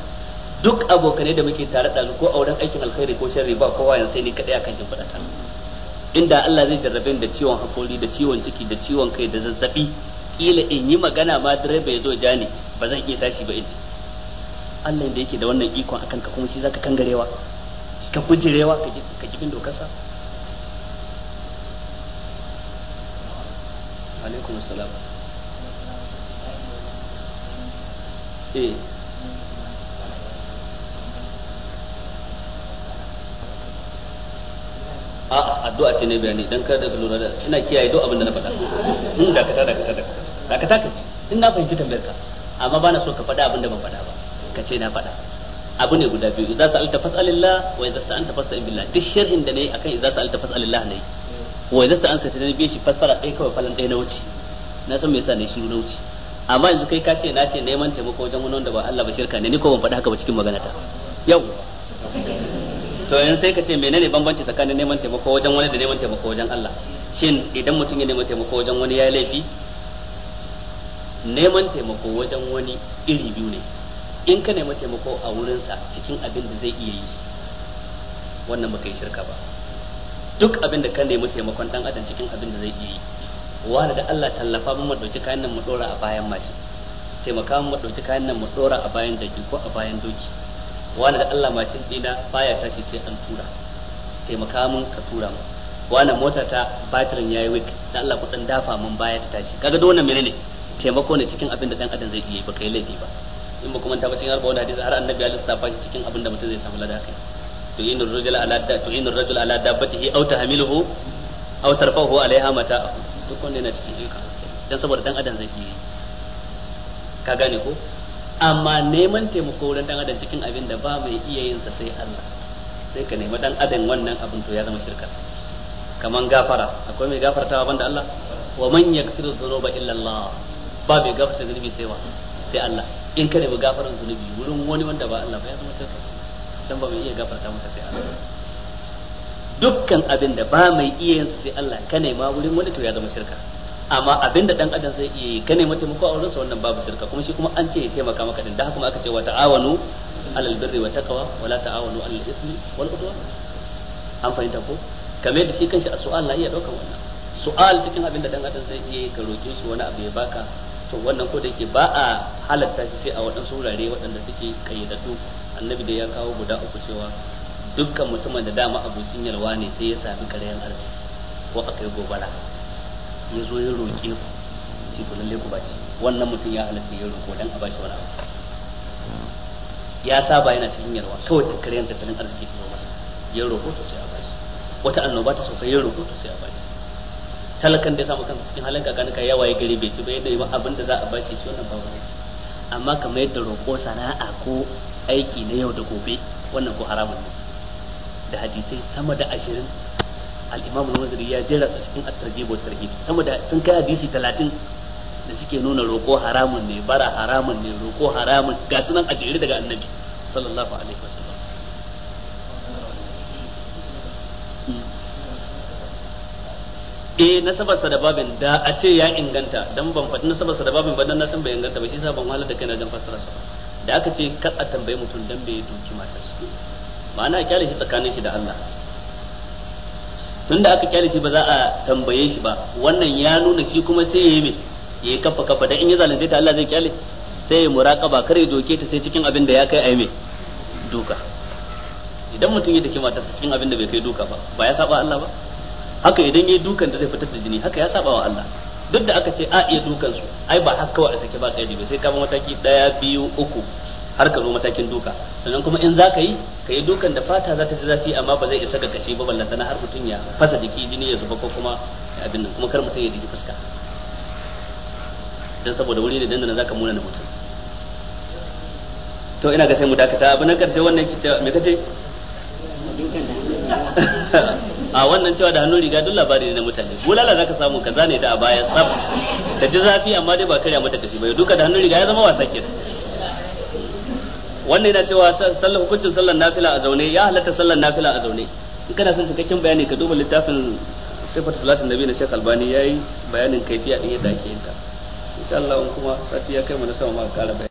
duk abokanai da muke tare da ko a wurin aikin alkhairi ko sharri ba kowa yanzu sai ni kaɗai akan shimfiɗa ta inda Allah zai jarrabe da ciwon hakori da ciwon ciki da ciwon kai da zazzabi kila in yi magana ma direba ya zo ja ni ba zan iya tashi ba in Allah da yake da wannan ikon akan ka kuma shi zaka kangarewa ka kujirewa ka kibin dokarsa alaikum salam eh a'a addu'a ce ne bayani dan kada ka lura da ina kiyaye duk abin da na faɗa da hmm, dakata dakata dakata dakata ka in na fahimci tambayar ka amma bana so ka faɗa abin da ban faɗa ba ka ce na faɗa abu ne guda biyu idza sa'alta fas'alillah wa idza sta'anta fas'al billah duk sharhin da nayi akan idza sa'alta fas'alillah nayi wa idza sta'anta ta nabi shi fassara kai kawai falan dai na wuce na san me yasa ne shiru na wuce amma yanzu kai ka ce na ce neman taimako wajen wani wanda ba Allah ba shirka ne ni ko ban faɗa haka ba cikin magana ta yau to yanzu sai ka ce menene bambanci tsakanin neman taimako wajen wani da neman taimako wajen Allah shin idan mutum ya nema taimako wajen wani ya laifi neman taimako wajen wani iri biyu ne in ka nemi taimako a wurinsa cikin abin da zai iya yi wannan baka yi shirka ba duk abin da ka nemi taimakon dan adam cikin abin da zai iya yi wani da Allah tallafa mun mu dauki kayan nan mu dora a bayan mashi taimaka mun mu dauki kayan nan mu dora a bayan jaki ko a bayan doki wani da Allah mashin dina baya tashi sai an tura taimaka mun ka tura mu wani mota ta batirin yayi wik da Allah ku dan dafa mun baya ta tashi kaga da wannan menene taimako ne cikin abin da dan adam zai iya yi ba kai laifi ba in ba kuma tabbacin harba wani hadisi har annabi ya ta fashi cikin abin da mutum zai samu ladaka to yin rajul ala da to yin rajul ala dabbatihi aw tahmiluhu aw tarfahu alaiha mata duk wanda yana cikin duka dan saboda dan adam zai yi ka gane ko amma neman taimako wurin dan adam cikin abin da ba mai iya yin sa sai Allah sai ka nemi dan adam wannan abin to ya zama shirka kaman gafara akwai mai gafartawa banda Allah wa man yaghfiru dhunuba illa Allah ba mai gafarta zunubi sai wa sai Allah in ka nemi gafaran zunubi wurin wani wanda ba Allah ba ya zama shirka dan ba mai iya gafarta maka sai Allah dukkan abin da ba mai iya yin sai Allah ka nema wurin wani to ya zama shirka amma abin da dan adam zai iya ka nema taimako a wurinsa wannan babu shirka kuma shi kuma an ce ya taimaka maka din da haka aka ce wa ta'awanu alal birri wa taqwa wa la ta'awanu alal ismi wal udwan an fahimta ko kamar da shi kanshi a su'al na iya daukar wannan su'al cikin abin da dan adam zai iya ka roke shi wani abu ya baka to wannan ko da yake ba a halatta shi sai a waɗansu wurare waɗanda suke kayyadatu annabi da ya kawo guda uku cewa dukkan mutumin da dama abincin yalwa ne sai ya sami karayan arziki ko aka yi gobara ya zo ya roƙe ku ce ku lalle ku baci wannan mutum ya halatta ya roƙo dan a shi wani abu ya saba yana cikin yalwa kawai da karayan tattalin arziki masa ya roƙo to sai a shi wata annoba ta sauka ya roƙo to sai a shi talakan da ya samu kansa cikin halin yawa ya waye gari bai ci ba yadda ba abin da za a bashi shi wannan bawa wani amma kamar yadda roƙo sana'a ko aiki na yau da gobe wannan ko haramun ne da hadisai sama da ashirin al-imam al ya jera su cikin at-targhib wa sama da sun kai hadisi talatin da suke nuna roƙo haramun ne bara haramun ne roƙo haramun ga sunan a jere daga annabi sallallahu alaihi wasallam hmm. eh nasabarsa da babin da a ce ya inganta dan ban faɗi nasabarsa da babin ba dan na san bai inganta ba shi yasa ban wahala da kaina dan fassara su da aka ce kar a tambaye mutum dan bai doki su ma'ana a kyale shi tsakanin shi da Allah tunda aka kyale shi ba za a tambaye shi ba wannan ya nuna shi kuma sai ya yi mai ya kafa kafa dan in ya zalunce ta Allah zai kyale sai ya muraqaba kar ya doke ta sai cikin abin da ya kai ai mai duka idan mutum ya take mata cikin abin da bai kai duka ba ba ya saba Allah ba haka idan yayi dukan da zai fitar da jini haka ya saba wa Allah duk da aka ce a iya dukan su ai ba haka kawai a sake ba kai ba sai ka mataki daya biyu uku har ka zo matakin duka sannan kuma in za ka yi ka yi dukan da fata za ta ji zafi amma ba zai isa ga kashi ba ballanta na har mutum ya fasa jiki jini ya zuba ko kuma abin nan kuma kar mutum ya jiki fuska dan saboda wuri ne dandana zaka muna da mutum to ina ga sai mu dakata abu nan karshe wannan kice me kace a wannan cewa da hannun riga duk labari ne na mutane bulala zaka samu ka zane ta a bayan tsaf ta ji zafi amma dai ba karya mata kashi ba duka da hannun riga ya zama wasa kenan wannan yana cewa sallar hukuncin sallar nafila a zaune ya halatta sallar nafila a zaune in kana son cikakken bayani ka duba littafin sifar salatin nabi na Sheikh Albani yayi bayanin kaifiya din yadda ake yin ta insha Allah kuma sati ya kai mu na sama ma kara